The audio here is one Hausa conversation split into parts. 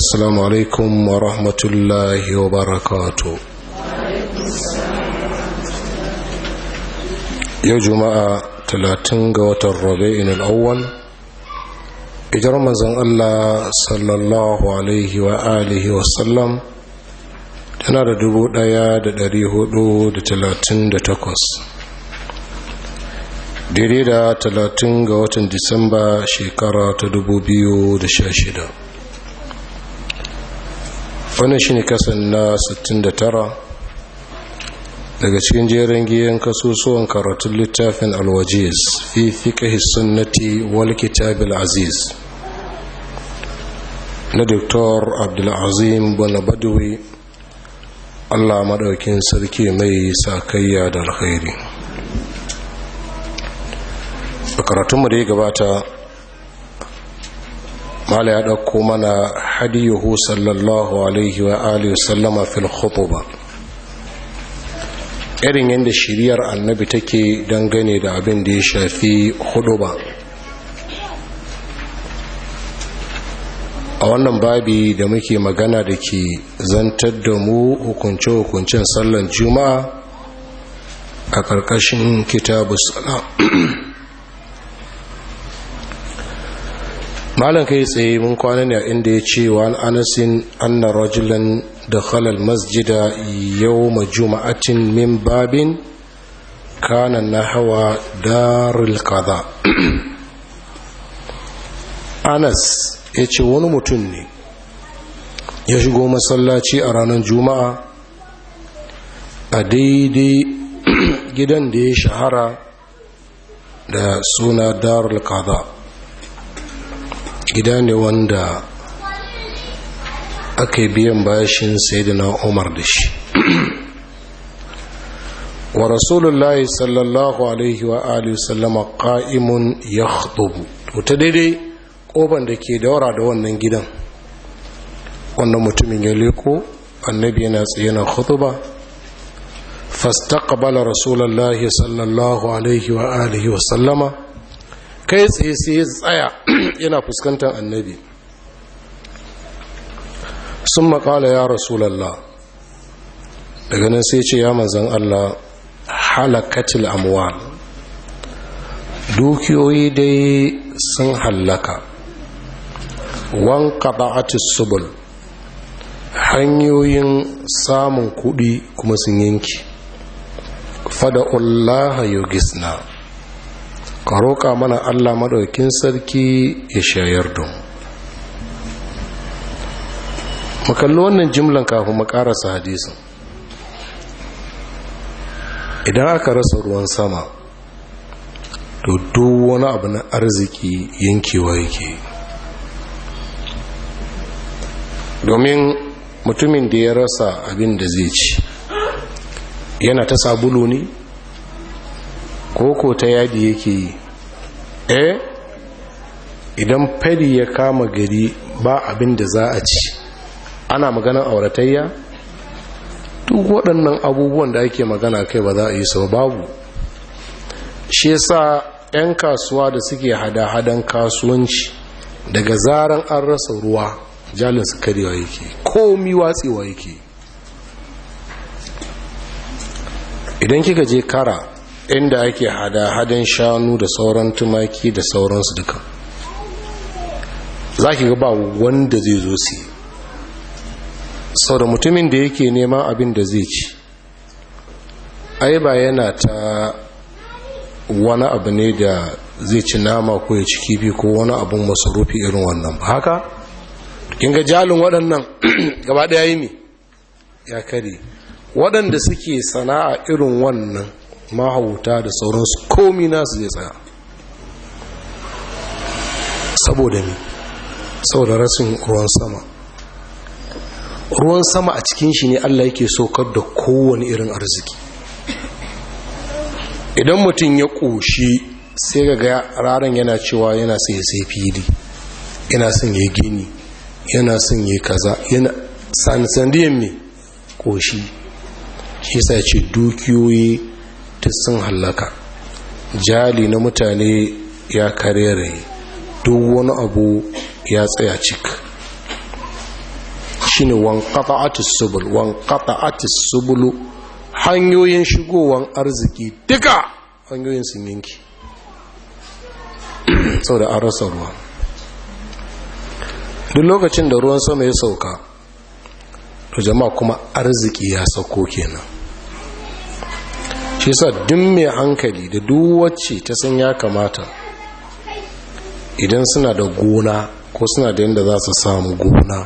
السلام عليكم ورحمة الله وبركاته يا جماعة تلاتين قوات الربيع الأول إجر Allah الله صلى الله عليه وآله وسلم tana da dubu ɗaya da dari hudu da talatin da takwas daidai da talatin ga watan disamba shekara ta dubu biyu da sha shida wannan shi ne kasan na 69 daga cikin jerin giyan kasusuwan karatun littafin alwajiz fi fiƙahi sunnati wal kitabil aziz na doktor abdulazim bonabadawi allah maɗaukin sarki mai sakayya da alkhairi a karatunmu da ya gabata mala ya ɗauko mana hadiyuhu sallallahu alaihi wa alihi sallama fil khutuba irin yadda shiriyar annabi take dangane da abin da ya shafi huduba a wannan babi da muke magana da ke zantar da mu hukunce-hukuncen sallan juma'a a ƙarƙashin kitabu salam malam kai tsaye mun kwana ne inda ya ce wa an anasin anna rajulan da khalal masjida yau ma juma'atin min babin kana na hawa darul kaza anas ya ce wani mutum ne ya shigo masallaci a ranar juma'a a daidai gidan da ya shahara da suna darul kaza gida ne wanda aka yi biyan bashin sayidina umar da shi wa rasulullahi sallallahu alaihi wa alihi sallama qa'imun yakhutubu to ta daidai koban da ke daura da wannan gidan wannan mutumin ya leko annabi yana tsaye na khutuba fastaqbala rasulullahi sallallahu alaihi wa alihi wa sallama kai tsaye sai ya tsaya yana fuskantar annabi sun makala ya rasulallah daga nan sai ce ya manzan allah halakatil amuwa. dukiyoyi dai sun hallaka wanka ba'atis subul hanyoyin samun kuɗi kuma sun yanki fada'ullaha yogisna ka roƙa mana allah maɗaukin sarki ya shayar don mu wannan jimlan kafin mu ƙarasa idan aka rasa ruwan sama to duk wani abu na arziki yankewa yake domin mutumin da ya rasa abin da zai ci yana ta sabulu ne koko ta yadi yake yi eh idan fari ya kama gari ba abin da za a ci ana maganar auratayya duk waɗannan abubuwan da ake magana kai ba za a yi sau babu shi sa 'yan kasuwa da suke hada-hadan kasuwanci daga zaran an rasa ruwa jalin su karewa yake komi watsewa yake idan kika je kara inda ake hada-hadan shanu da sauran tumaki da sauransu duka za ki ba wanda zai zo su sau mutumin da yake neman abin da zai ci ai ba yana ta wani abu ne da zai ci nama ko ya ci kifi ko wani abin masarufi irin wannan ba haka ga jalin waɗannan gaba ɗaya yi ne ya kare waɗanda suke sana'a irin wannan mahauta da sauransu komi nasu zai tsaya saboda ne saboda rasin ruwan sama ruwan sama a cikin shi ne allah yake saukar da kowane irin arziki idan mutum ya ƙoshi sai ga raran yana cewa yana sai ya sai fili yana son ya gini yana son ya kaza yana sanisandiyan mai ƙoshi shi sa ce dukiyoyi duk sun hallaka jali na mutane ya ra'i duk wani abu ya tsaya cik shine ne subul wanqata'atis subulu hanyoyin shigowar arziki duka hanyoyin sun yanki sau da arasa ruwa duk lokacin da ruwan sama ya sauka to jama'a kuma arziki ya sauko kenan shi sa dun mai hankali da duk wacce ta san ya kamata idan suna da gona ko suna da yadda za su samu gona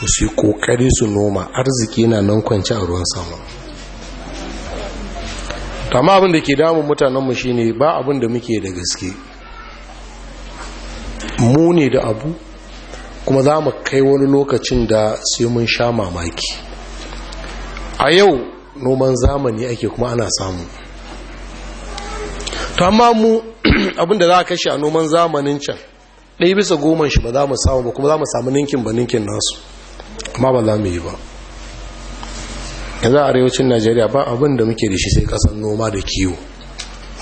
to su yi kokari su noma arziki na nan kwanci a ruwan sama tamma abin da ke damun mutanenmu ne ba abin da muke da gaske mu ne da abu kuma za mu kai wani lokacin da sai mun sha mamaki a yau noman zamani ake kuma ana samu to amma mu abinda za a kashe a noman zamanin can ɗaya bisa goma shi ba za mu samu ba kuma za mu samu ninkin ba ninkin nasu amma ba za mu yi ba yanzu a arewacin najeriya ba abin da muke da shi sai kasan noma da kiwo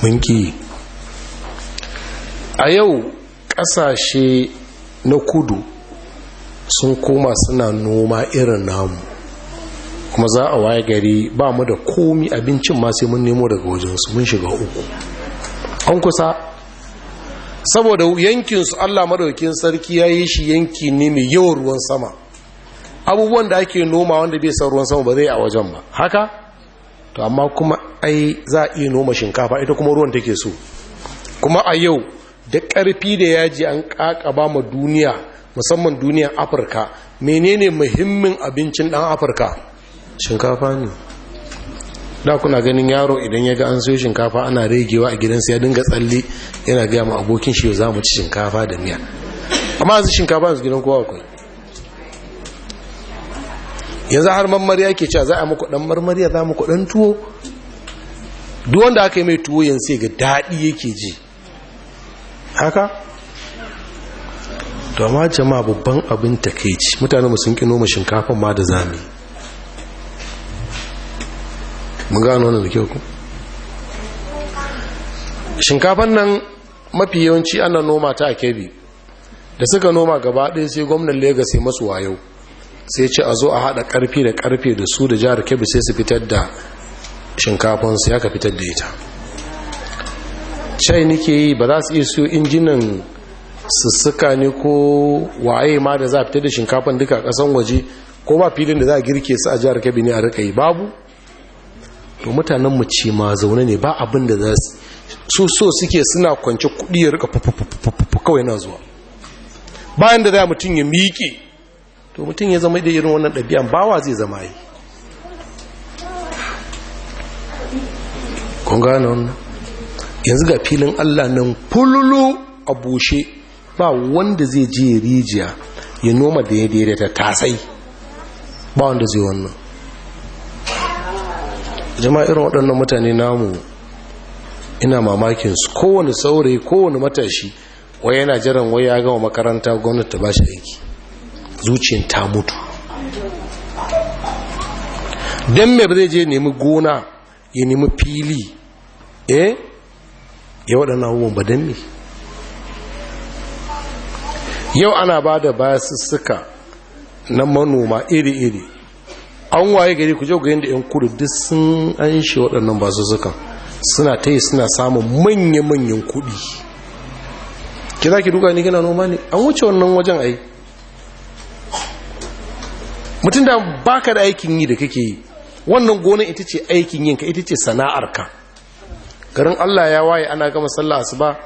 mun kiyi. a yau ƙasashe na kudu sun koma suna noma irin namu kuma za a waya gari ba mu da komi abincin ma sai mun nemo daga wajen wajensu mun shiga uku an kusa saboda yankinsu allah maɗaukin sarki ya yi shi yanki ne mai yawan ruwan sama abubuwan da ake noma wanda bai san ruwan sama ba zai a wajen ba haka to amma kuma ai za a iya noma shinkafa ita kuma ruwan take so kuma a yau da ƙarfi da yaji an ƙaƙaba ma duniya musamman duniyar afirka menene muhimmin abincin ɗan afirka shinkafa ne da kuna ganin yaro idan ya ga an sayo shinkafa ana regewa a gidansa ya dinga tsalle yana gaya ma abokin shi za mu ci shinkafa da miya amma yanzu shinkafa yanzu gidan kowa akwai yanzu har marmari ke cewa za a muku dan marmariya za muku dan tuwo duk wanda aka yi mai tuwo yanzu ga daɗi yake ji haka to amma jama'a babban abin takeici mutane mu sun kino mu shinkafa ma da zane. mun gano wannan da kyau ku shinkafan nan mafi yawanci ana noma ta a kebi da suka noma gaba ɗaya sai gwamnan legas ya masu wayo sai ce a zo a haɗa ƙarfi da ƙarfe da su da jihar kebi sai su fitar da shinkafan su ya ka fitar da ita cai nike yi ba za su iya siyo injinan su suka ne ko waye ma da za a fitar da shinkafan duka ƙasan waje ko ba filin da za a girke su a jihar kebi ne a rika yi babu to mutanen mu ce ma zaune ne ba abin da za su so suke suna kwance kudi ya rika fufufufu kawai na zuwa bayan da za mutum ya miƙe to mutum ya zama da irin wannan ɗabi'an bawa zai zama yi kun yanzu ga filin allah nan fululu a bushe ba wanda zai je rijiya ya noma da ya daidaita tasai ba wanda zai wannan jama'a irin waɗannan mutane namu ina mamakin su kowane saurayi kowane matashi wai yana jiran wai ya gama makaranta gwamnati ba shi aiki zuciyar ta mutu don me ba zai je nemi gona ya nemi fili eh ya waɗannan abubuwan ba don me yau ana ba da basussuka na manoma iri-iri an waye gari ku je ga yadda 'yan kudu duk sun an shi waɗannan basussukan suna ta yi suna samun manya-manyan kuɗi ki za ki duka ni gina noma ne an wuce wannan wajen ai mutum da baka da aikin yi da kake yi wannan gonan ita ce aikin yinka ita ce sana'arka garin allah ya waye ana gama sallah ba.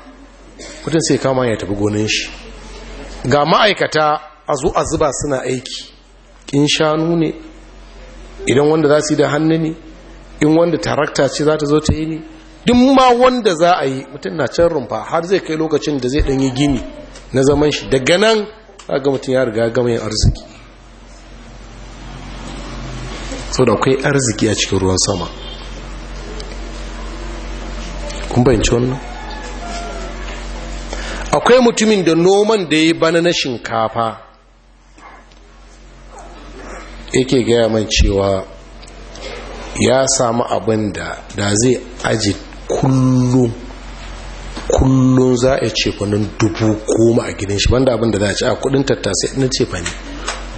mutum sai kama ya tafi gonan shi ga ma'aikata a zo a zuba suna aiki kin shanu ne idan wanda za su yi da hannu ne in wanda tarakta ce za ta zo ta yi ne duk ma wanda za a yi mutum na can rumfa har zai kai lokacin da zai ɗanyi gini na zaman shi daga nan ga mutum ya riga gama yin arziki so da akwai arziki a cikin ruwan sama kun bayanci wannan akwai mutumin da noman da ya bana na shinkafa yake gaya man cewa ya samu abin da da zai aji kullum kullum za a ce fanin dubu goma a gidan shi banda abin da za a ci a kudin tattasai na ce fani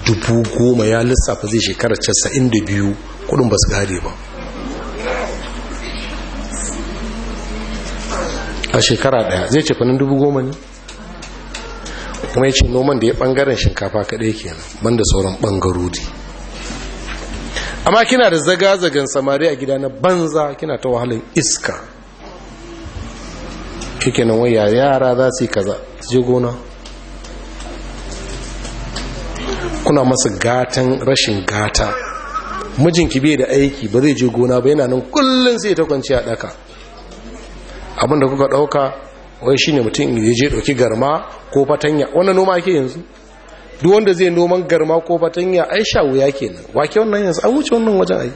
dubu goma ya lissafa zai shekarar casa'in da biyu kudin ba su gare ba a shekara daya zai ce fanin dubu goma ne kuma ya ce noman da ya bangaren shinkafa kadai kenan banda sauran bangarori amma kina da zaga-zagan samari a gida na banza kina ta wahalar iska kike nan waya yara za su yi kaza su je gona kuna masu gatan rashin gata mijinki bai da aiki ba zai je gona ba yana nan kullum sai ta kwanci a daka abinda kuka dauka wai shine mutum ya je dauki garma ko fatanya wannan noma ake yanzu duk wanda zai noman garma ko fatanya ai sha wuya kenan wake wannan yanzu an wuce wannan wajen ai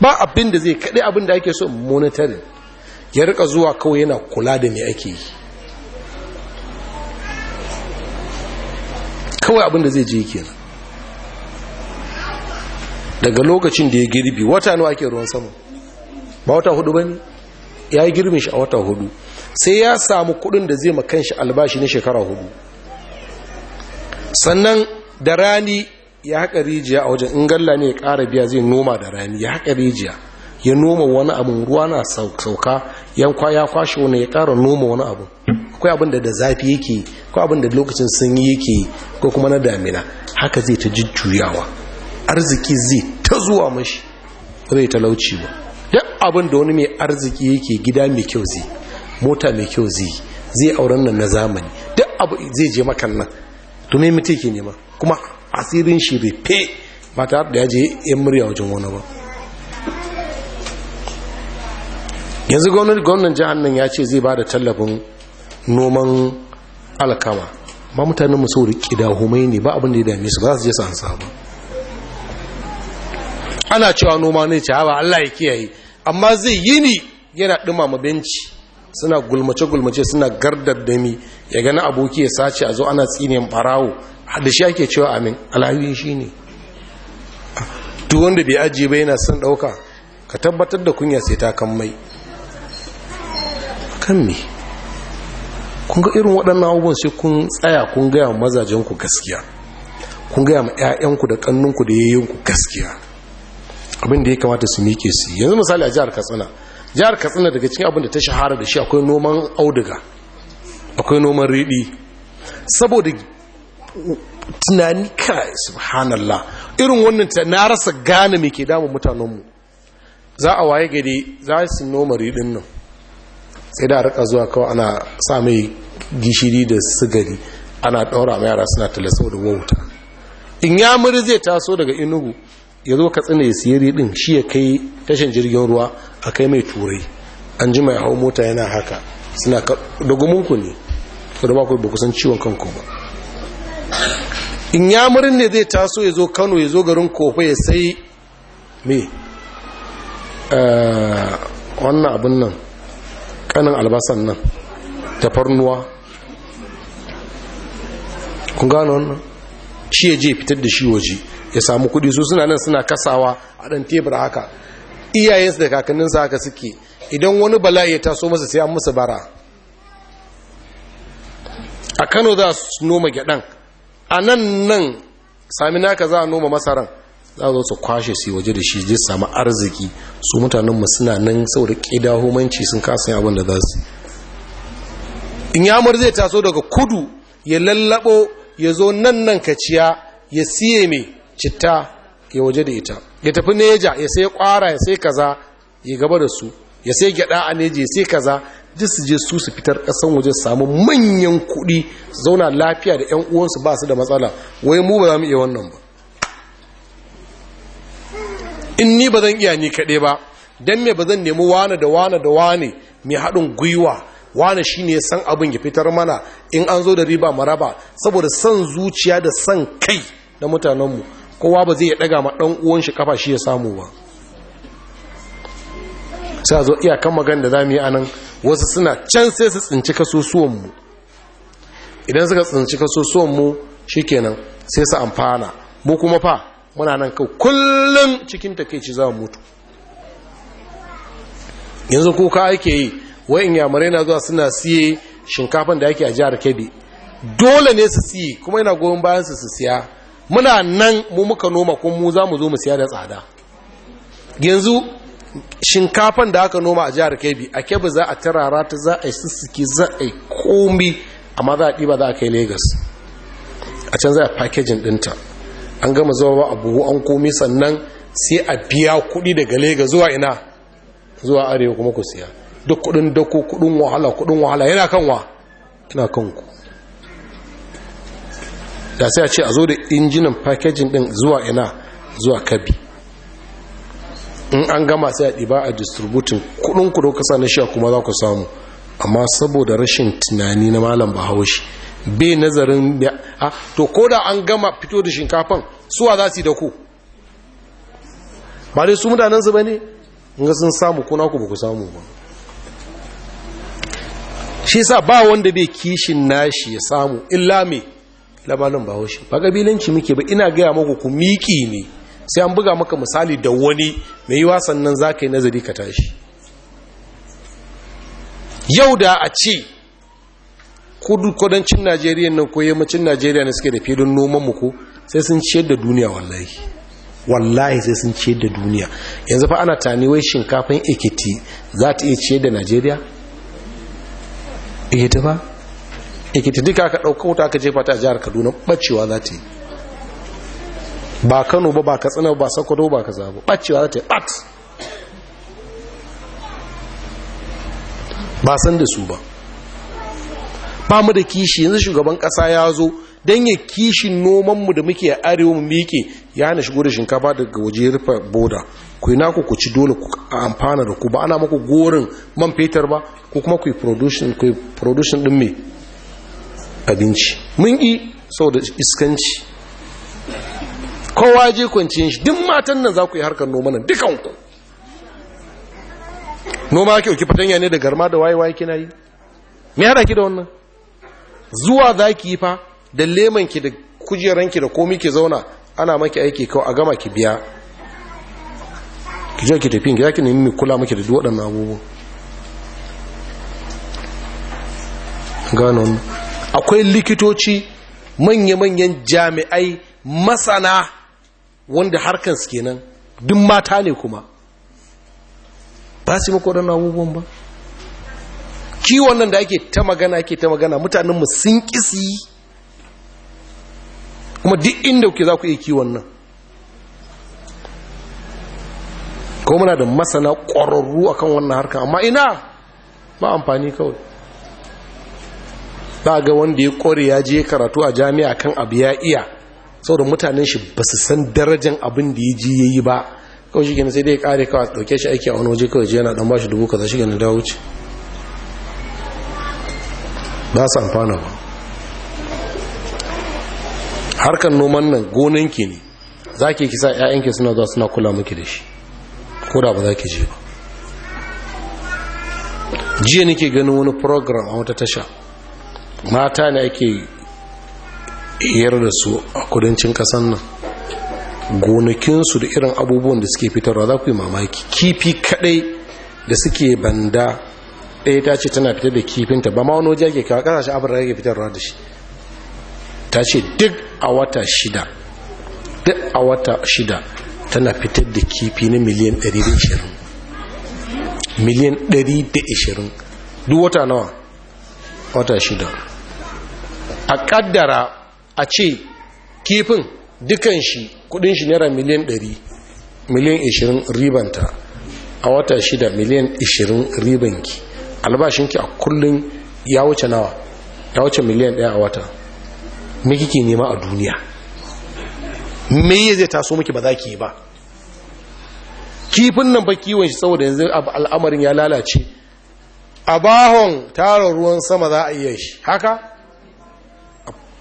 ba abin da zai kaɗai abin da ake so monitoring ya rika zuwa kawai yana kula da me ake yi kawai abin da zai je kenan daga lokacin da ya girbi wata nawa ake ruwan sama ba wata hudu bane ya yi girbin shi a wata hudu sai ya samu kudin da zai makanshi shi albashi na shekara hudu sannan da rani ya haka rijiya a wajen ingalla ne ya ƙara biya zai noma da rani ya haƙa rijiya ya noma wani abin ruwa na sauka yankwa ya kwashe wani ya ƙara noma wani abin. akwai abin da da zafi yake ko abin da lokacin sanyi yake ko kuma na damina haka zai ta jujjuyawa arziki zai ta zuwa mashi zai talauci ba duk abin da wani mai arziki yake gida mai kyau zai mota mai kyau zai zai auren nan na zamani duk abu zai je makan nan to me ke nema kuma asirin shi rufe ba ta da ya je yan murya wajen wani ba yanzu gwamnan jihar nan ya ce zai ba da tallafin noman alkama ba mutanen musu kida homai ne ba abin da ya dame su ba su je ba ana cewa noma ne ce haɓa allah ya kiyaye amma zai yi ne yana ɗumama benci suna gulmace-gulmace suna gardar dami ya gani aboki ya sace a zo ana tsine farawo ah, da shi ake cewa amin alhawi shi ne wanda bai ajiye ba yana son dauka ka tabbatar da kunya sai ta kan mai kan me kun ga irin waɗannan abubuwan sai kun tsaya kun gaya wa mazajenku gaskiya kun gaya ma 'ya'yanku da ƙannunku da yayyanku gaskiya abin da ya kamata su miƙe su yanzu misali a jihar katsina jihar katsina daga cikin abin da ta shahara da shi akwai noman auduga akwai noman riɗi saboda tunani kai subhanallah irin wannan ta na rasa gane mai ke damun mutanenmu za a waye gari za su noma riɗin nan sai da rika zuwa kawai ana sa mai gishiri da sigari ana ɗaura mai yara suna tala saboda wauta in ya muri zai taso daga inugu ya zo katsina ya siya riɗin shi ya kai tashin jirgin ruwa a kai mai turai an ji mai hau mota yana haka suna da ne ba da ba ku kusan ciwon kanku ba in yamurin ne zai taso ya zo kano ya zo garin kofa ya sai me eh, wannan abin nan kanin albasan nan tafarnuwa kun gano wannan shi ya je fitar da shi waje ya samu kudi su suna nan suna kasawa a ɗan tebura haka iyayensu da kakannin kakanninsa haka suke idan wani bala'i ya taso masa sai an musu bara a kano za su noma gyaɗan a nan nan sami naka za a noma masaran za a zo su kwashe su waje da shi zai samu arziki su mutanenmu suna nan saboda ƙida homanci sun kasa abin da za su in yamur zai taso daga kudu ya lallaɓo ya zo nan nan kaciya ya siye mai citta ya waje da ita ya tafi neja ya sai kwara ya sai kaza ya gaba da su ya sai gyada a neja ya sai kaza Jisu je su su fitar kasan waje samu manyan kuɗi zauna lafiya da 'yan uwansu ba su da matsala wai mu ba za mu iya wannan ba in ni ba zan iya ni kaɗai ba don me ba zan nemi wane da wane da wane mai haɗin gwiwa wane shi ne san abin ya fitar mana in an zo da riba maraba saboda san zuciya da san kai na mutanenmu kowa ba zai ya ɗaga ma ɗan uwan shi kafa shi ya samu ba sai a zo iyakan magan da za mu yi anan wasu suna can sai su tsinci kasusuwanmu idan suka tsinci shi kenan sai su amfana mu kuma fa muna nan kai kullum cikin takaici za mu mutu yanzu kuka ake yi in yamurai na zuwa suna siye shinkafan da ake a jihar kebbi dole ne su siye kuma yana goyon bayan su su siya muna nan mu muka noma kuma mu za mu zo mu siya da tsada yanzu shinkafan da aka noma a jihar kebbi a kebbi za a tarara ta za a yi sissiki za a yi komi amma za a ɗiba za a kai Legas. a can za a fakejin ɗinta an gama zama ba a buhu an komi sannan sai a biya kuɗi daga Legas zuwa ina zuwa arewa kuma ku siya duk kuɗin dako kuɗin wahala kuɗin wahala yana yana kan ku da sai a ce a zo da injinan fakejin ɗin zuwa ina zuwa kabi in an gama sai a ɗiba a distributin kudin ku ka na sha kuma za ku samu amma saboda rashin tunani na malam bahaushe bai nazarin a to ko da an gama fito da shinkafan suwa za su yi da ku ba dai su mutanensu ba ne ga sun samu kuna ku ba ku samu ba shi sa ba wanda bai kishin nashi ya samu illa mai, labalin ba ba ƙabilanci muke ba ina gaya maku ku miƙi ne sai an buga maka misali da wani mai yi wasan nan za ka yi nazari ka tashi yau da a ce kudancin najeriya nan ko yammacin najeriya ne suke da filin noman muku sai sun ciyar da duniya wallahi wallahi sai sun ciyar da duniya yanzu fa ana tani wai shinkafin ekiti za ta iya ciyar da najeriya ekiti ba ekiti duka aka ɗauka wuta aka jefa ta a jihar kaduna ɓacewa za ta yi ba kano ba ba katsina ba Sakwado ba ka ba ɓacewa ta yi ɓat ba san da su ba ba mu da kishi yanzu shugaban ƙasa ya zo don ya kishin nomanmu da muke a arewa mu miƙe ya hana shigo da shinkafa daga waje rufe boda ku yi naku ku ci dole ku amfana da ku ba ana maku gorin man fetur ba ko kuma ku yi production ɗin mai abinci mun yi sau da iskanci kowa je kwanciyar shi duk matan nan za ku yi harkar noma nan dukanku noma kyau ki fatanya ne da garma da waye kina yi me hada ki da wannan zuwa za ki yi fa da lemanki da kujeranki da komi ki zauna ana maki aiki kawai a gama ki biya ki je ki tafi ki zaki nemi kula maki da waɗannan abubuwan gano akwai likitoci manya-manyan jami'ai masana wanda harkar su kenan duk mata ne kuma ba su mako waɗannan abubuwan ba kiwon nan da ake ta magana ake ta magana mutanenmu sun kisi kuma duk inda kuke za ku iya kiwon nan kuma muna da masana ƙwararru akan wannan harkar amma ina ba amfani kawai ba ga wanda ya ƙware ya je karatu a jami'a kan abu ya iya saboda mutanen shi ba su san darajan abin da ya ji ya yi ba kawai shi sai dai kare kawai dauke shi aiki a wani waje kawai yana dan ba shi dubu kaza shi gina dawo ba su amfana ba harkar noman nan gonanki ne za ki kisa 'ya'yanki suna zuwa suna kula miki da shi ko da ba za ki je ba jiya nake ganin wani program a wata tasha mata ne ake yar da su a kudancin kasan nan gonakinsu da irin abubuwan da suke fitarwa za ku yi mamaki kifi kadai da suke banda ɗaya ta ce tana fitar da kifinta ba ma wani waje ake kawo ƙasashen afirka ake fitarwa da shi ta ce duk a wata shida duk a wata shida tana fitar da kifi na miliyan 120 miliyan 120 duk wata nawa wata shida a kaddara a ce kifin dukan shi kudin shi naira miliyan 100 miliyan 20 ribanta a wata shida miliyan 20 ribanki albashinki a kullum ya wuce nawa ya wuce miliyan 1 a wata me kike nema a duniya me zai taso miki ba za ki yi ba kifin nan ba kiwon shi saboda yanzu al'amarin ya lalace a bahon tara ruwan sama za a iya shi haka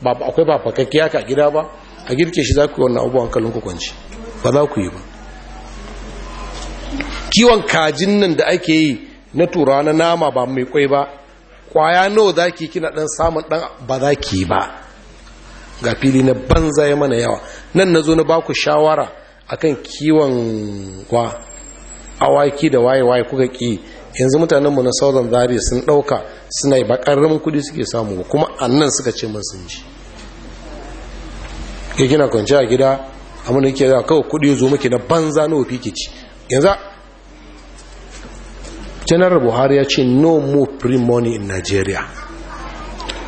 akwai ba fakakkiya ka gida ba a girke shi za ku yi wannan abubuwan kalin kwanci ba za ku yi ba kiwon kajin nan da ake yi na tura na nama ba mai kwai ba kwaya nawa za ki kina dan samun dan ba za ki ba ga fili na banza ya mana yawa nan na zo na ba ku shawara akan kiwon kwa awaki da waye-waye kuka ki yanzu mutanen mu na southern zari sun ɗauka suna yi bakarramin kudi suke samu kuma annan suka ce mun sun ji ke kina kwanci a gida amma muna ke za kawai kudi zo maki na banza na ofi kici yanzu janar buhari ya ce no more free money in nigeria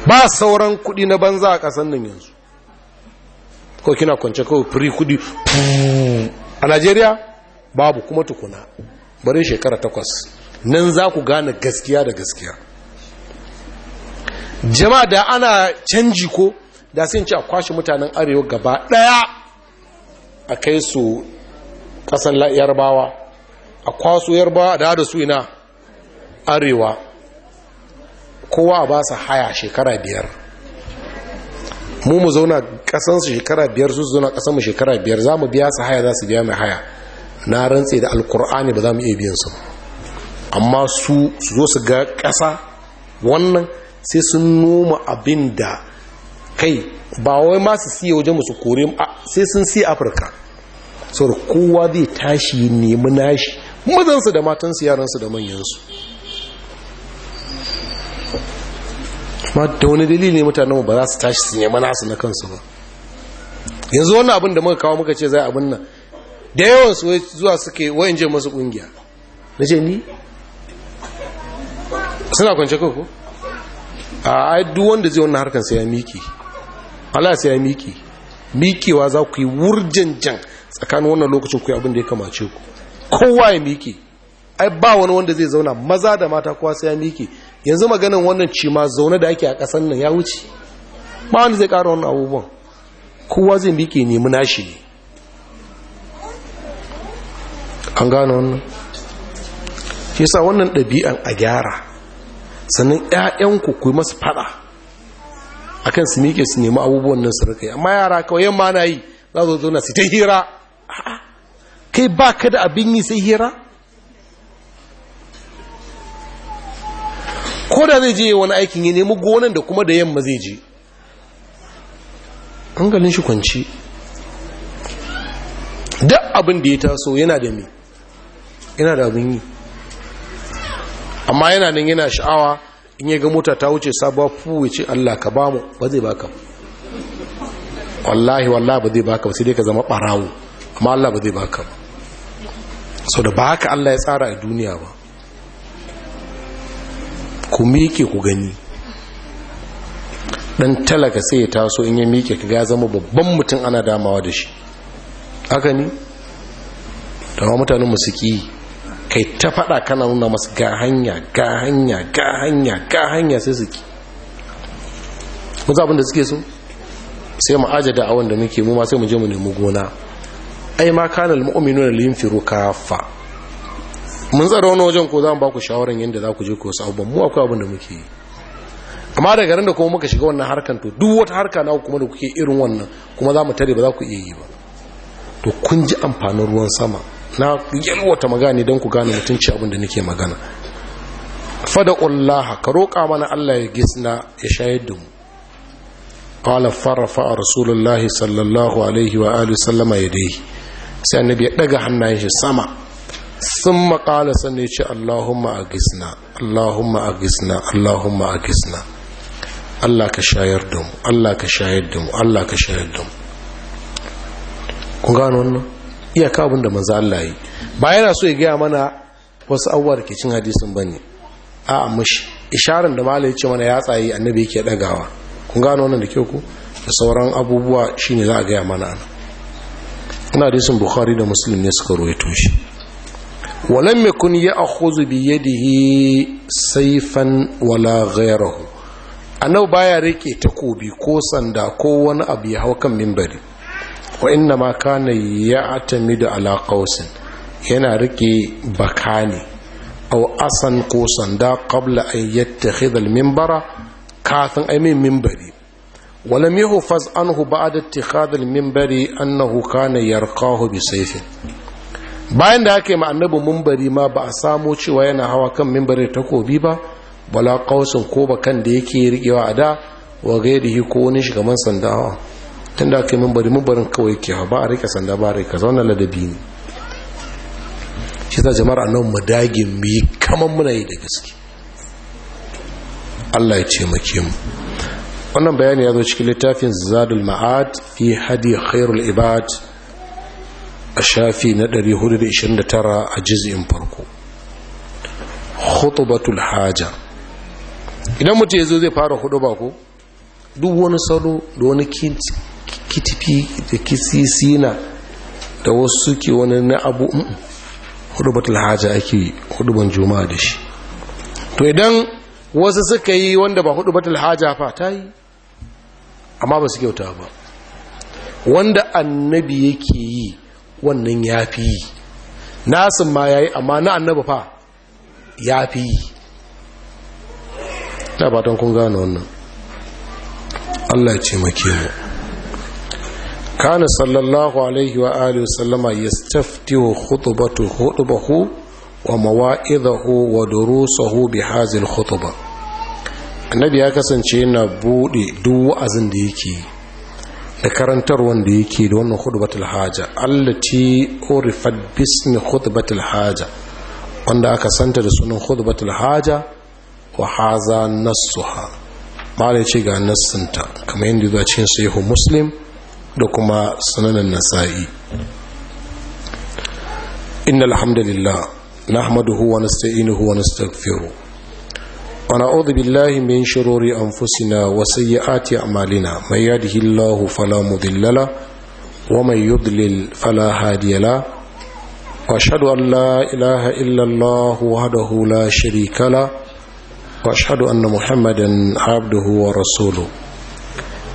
ba sauran kudi na banza a kasan nan yanzu ko kina kwance kawai free kudi a nigeria babu kuma tukuna bari shekara takwas nan za ku gane gaskiya da gaskiya jama'a da ana canji ko da sun ci a kwashe mutanen arewa gaba ɗaya a kai su ƙasan yarbawa a kwaso yarbawa da da su ina arewa kowa ba su haya shekara biyar mu mu zauna ƙasansu shekara biyar su zauna mu shekara biyar za mu biya su haya za su biya mai haya na rantse da alkur'ani ba za mu iya biyan su amma su zo su ga ƙasa wannan sai sun noma abin da kai ba wai ma su siya wajen musu kore sai sun siya afirka sau da kowa zai tashi nemi nashi mazansu da matansu yaransu da manyansu ma da wani dalili mutanen ba za su tashi su nemi nasu na kansu ba yanzu wani abin da muka kawo muka ce zai abin nan da yawan su zuwa suke wayan je masu kungiya na ce ni suna kwanci kanku a duk wanda zai wannan harkar sai ya miki Allah sai ya miki mikewa za ku yi wurjanjan tsakanin wannan lokacin ku yi abin da ya kamace ku kowa ya miki ai ba wani wanda zai zauna maza da mata kowa sai ya miki yanzu maganin wannan cima zaune da ake a kasan nan ya wuce ba wani zai ƙara wannan abubuwan kowa zai miki nemi nashi ne an gane wannan shi sa wannan ɗabi'an a gyara sannan 'ya'yanku ku yi masu fada akan su miƙe su nemi abubuwan nan su rika amma yara kawai yamma na yi za zo zo na su ta hira kai ba ka da abin yi sai hira ko da zai je wani aikin ya nemi gonan da kuma da yamma zai je hankalin shi kwanci duk abin da ya taso yana da mi yana da abin yi amma yana nan yana sha'awa in ya ga mota ta wuce sabuwa fuwe ce Allah ka bamu ba zai baka wallahi wallahi ba zai baka sai dai ka zama barawo amma Allah ba zai baka ba so da ba haka Allah ya tsara a duniya ba ku miƙe ku gani dan talaka sai ya taso in ya miƙe ka ga zama babban mutum ana damawa da shi haka ne da mutanen mu suke kai ta faɗa kana nuna masu ga hanya ga hanya ga hanya ga hanya sai suke kusa abin da suke so sai mu aje da awon da muke mu ma sai mu je mu nemi gona ai ma kana la yunfiru kafa mun tsara wani wajen ko za mu ba ku shawaran yadda za ku je ku sa abubuwan mu akwai abin da muke yi amma da garin da kuma muka shiga wannan harkan to duk wata harka na kuma da kuke irin wannan kuma za mu tare ba za ku iya yi ba to kun ji amfanin ruwan sama na yalwata magani don ku gane mutunci abin da nake magana fada'ullah ka roƙa mana Allah ya gisna ya shayar da mu qala farafa rasulullahi sallallahu alaihi wa alihi sallama yadayhi sai annabi ya daga hannayen shi sama sun maƙala sannan ya ce allahumma a gisna allahumma a gisna allahumma a gisna Allah ka shayar da mu Allah ka shayar da mu Allah ka shayar da mu Ku gano wannan iyaka abin da manzo Allah yi ba yana so ya gaya mana wasu awwar ke cin hadisin bane a mushi, isharar da malai ya ce mana ya tsaye annabi yake dagawa kun gano wannan da kyau ku da sauran abubuwa shine za a gaya mana ana ina hadisin bukhari da muslim ne suka ruwaito shi walam yakun ya'khudhu bi yi saifan wala A baya rike takobi ko sanda ko wani abu ya hau kan mimbari wa inna ma kana ya atamidu ala qausin yana rike baka ne aw asan ko sanda qabla an yattakhidha al minbara kafin ai min minbari ولم يحفظ عنه بعد اتخاذ المنبر أنه كان يرقاه بسيف bayan da ake ma annabi mumbari ma ba a samo cewa yana hawa kan mimbari takobi ba wala kausin ko bakan da yake riƙewa a da wa gairihi ko wani shugaban sanda tun da aka yi mambari mambarin kawai ke ba a rike sanda ba a rika zaune ladabi ne shi za jama'ar annan mu dage mu yi kamar muna yi da gaske Allah ya ce maki mu wannan bayani ya zo cikin littafin zadul ma'ad fi hadi khairul ibad a shafi na 429 a juz'in farko khutubatul haja idan mutum zo zai fara hudu ba ko duk wani salo da wani kinci kitifi da kisisina da wasu suke wani na abu mm, hudubatul haja ake hudubar juma'a da shi to idan wasu suka yi wanda ba hudubatul haja fa ta yi amma ba su kyauta ba wanda annabi yake yi wannan ya fi yi nasin ma ya yi amma na annabi fa ya fi yi ta fatan kun gane wannan Allah ce make mu kana sallallahu alaihi wa alihi sallama yastaftihu khutbatu khutbahu wa mawa'idahu wa durusahu bi hazil annabi ya kasance na buɗe duk wa'azin da yake da karantar wanda yake da wannan khutbatul haja allati urifat bismi khutbatul haja wanda aka santa da sunan khutbatul haja wa haza nassuha mala ce ga nassinta kamar yadda zuwa cikin sahihu muslim da kuma sananan nasa'i inna alhamdulillah nahmaduhu wa nasta'inuhu wa nastaghfiruh wa na'udhu billahi min shururi anfusina wa sayyiati a'malina may yahdihillahu fala mudilla la wa may yudlil fala hadiya la wa ashhadu an la ilaha illa allah wahdahu la sharika la wa ashhadu anna muhammadan abduhu wa rasuluhu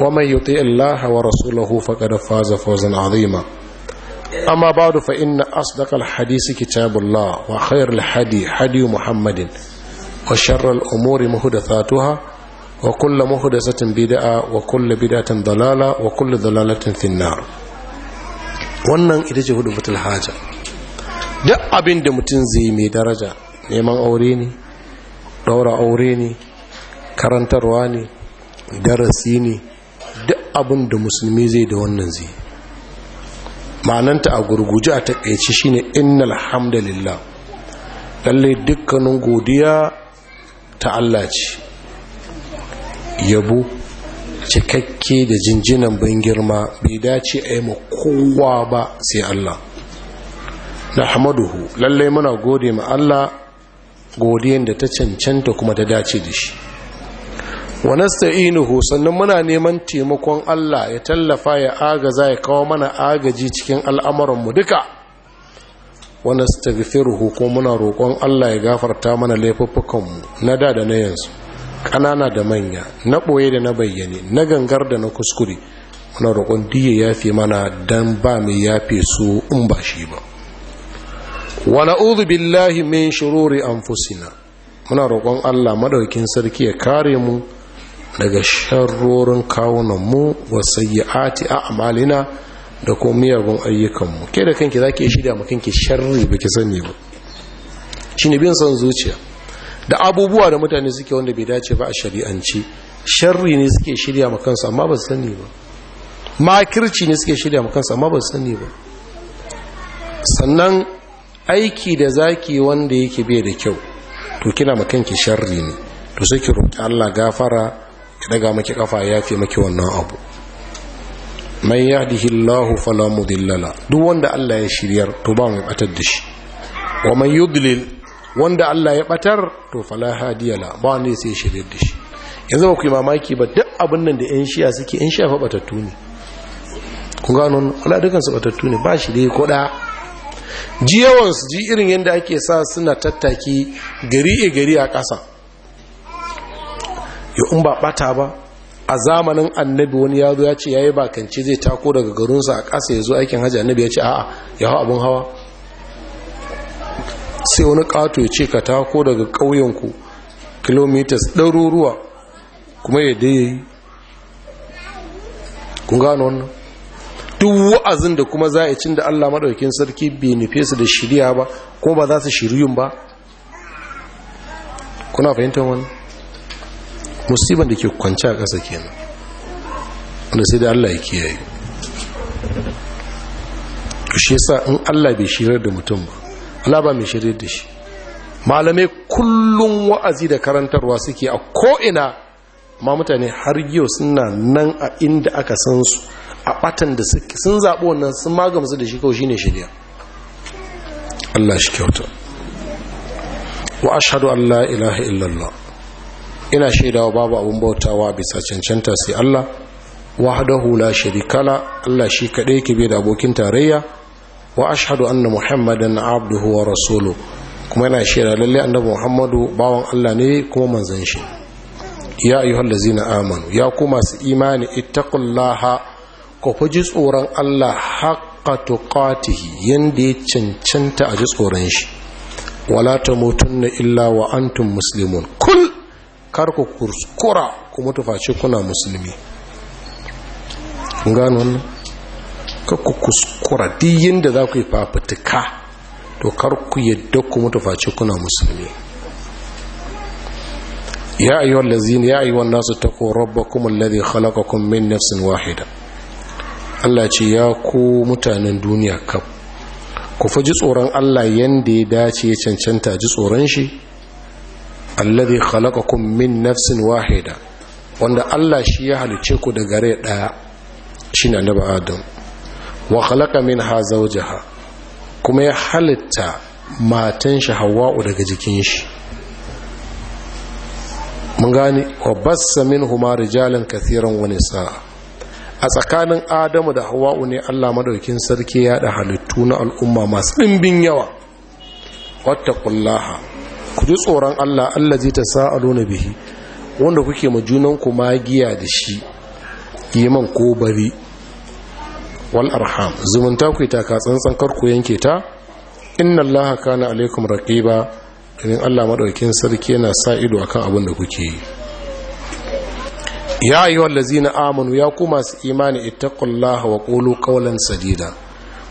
ومن يطيع الله ورسوله فقد فاز فوزا عظيما أما بعد فإن أصدق الحديث كتاب الله وخير الحدي حدي محمد وشر الأمور مهدثاتها وكل مهدثة بدعة وكل بدعة ضلالة وكل ضلالة في النار wannan ita ce hudu fitil haja duk abin da mutum zai mai daraja neman aure ne daura aure ne karantarwa ne darasi ne abin da musulmi zai da wannan zai ma'ananta a gurguji a takaici shine inna alhamdulillah lallai dukkanin godiya ta Allah ce yabo cikakke da jinjinan ban girma bai dace a yi kowa ba sai Allah na hamaduhu lallai muna gode ma Allah godiyan da ta cancanta kuma ta dace da shi wa inuhu sannan muna neman taimakon Allah ya tallafa ya agaza ya kawo mana agaji cikin al'amuranmu duka wa nastaghfiruhu ko muna roƙon Allah ya gafarta mana laifuffukanmu na da da na yanzu ƙanana da manya na ɓoye da na bayyane na gangar da na kuskure muna roƙon diya yafe mana dan ba mai yafe su in ba shi ba wa billahi min muna roƙon Allah madaukin sarki ya kare mu daga sharrorin kawunanmu wa a a'malina da kuma miyagun ayyukanmu ke da kanki zaki iya shirya kanki sharri baki sani ba shine bin son zuciya da abubuwa da mutane suke wanda bai dace ba a shari'anci sharri ne suke shirya ma kansu amma ba sani ba makirci ne suke shirya ma kansu amma ba sani ba sannan aiki da zaki wanda yake bai da kyau to kina ma kanki sharri ne to sai ki roki Allah gafara daga maki kafa ya fi maki wannan abu man yahdihillahu fala dillala. duk wanda Allah ya shiryar to ba mai batar da shi wa man yudlil wanda Allah ya batar to fala hadiyala ba wanda sai shiryar da shi yanzu ba ku yi mamaki ba duk abin nan da yan shiya suke yan shiya fa batattu ne Ku gano wala dukan su batattu ne ba shi dai ko da ji yawan ji irin yadda ake sa suna tattaki gari e gari a ƙasa ya in ba bata ba a zamanin annabi wani ya zo ya ce yayi bakance zai tako daga garinsa a kasa ya zo aikin hajji annabi ya ce a'a ya hau abin hawa sai wani ƙato ya ce ka tako daga ƙauyenku kilomitas ɗaruruwa kuma ya dai yi kun gano wannan duk wa'azin da kuma za a cin da allah maɗaukin sarki bai nufe su da shirya ba kuma ba za su shiryun ba kuna fahimtar wani musibin da ke kwanci a ƙasa kenan da sai da Allah ya kiyaye shi yasa in Allah bai shirar da mutum ba Allah ba mai shirar da shi malamai kullun wa'azi da karantarwa suke a ko'ina ma mutane har yau suna nan a inda aka san su a batan da suke sun zaɓi wannan sun magamsu da shi kawai shine shirya Allah shi kyauta wa ashhadu an la ilaha illallah ina shaidawa babu abun bautawa bisa cancanta sai Allah wahdahu la sharika la Allah shi kadai yake bai da abokin tarayya wa ashhadu anna muhammadan abduhu wa rasuluhu kuma ina shaida lalle annabi muhammadu bawan Allah ne kuma manzon shi ya na amanu ya ku masu imani ittaqullaha ku fuji tsoron Allah haqqa tuqatihi yanda ya cancanta a ji tsoron shi wala tamutunna illa wa antum muslimun kull kar ku kuskura ku mutu kuna musulmi gano wannan kar ku kuskura duk yadda za ku yi fafutuka to kar ku yadda ku mutu kuna musulmi ya ayi ayyuhal ladzina ya ayi ayyuhan nasu kuma rabbakum alladhi khalaqakum min nafsin wahida Allah ce ya ku mutanen duniya kaf ku fi ji tsoron Allah yadda ya dace ya cancanta ji tsoron shi alladhi khalaqakum min nafsin wahida wanda Allah shi ya halice ku da gare daya shine annabi Adam wa khalaqa ha zawjaha kuma ya halitta matan shi Hawwa'u daga jikin shi mun gane wa bassa minhuma rijalan kathiran wa nisaa a tsakanin Adamu da Hawwa'u ne Allah madaukin sarki ya da halittu na al'umma masu dimbin yawa wattaqullaha ku ji tsoron Allah Allah zai ta na bihi wanda kuke ma junan ku magiya da shi yi man ko bari wal arham zumunta ku ta ka tsantsan kar ku yanke ta inna allaha kana alaikum raqiba idan Allah madaukin sarki yana sa ido akan abin da kuke yi ya ayyuhal ladzina amanu ya ku masu imani ittaqullaha wa qulu qawlan sadida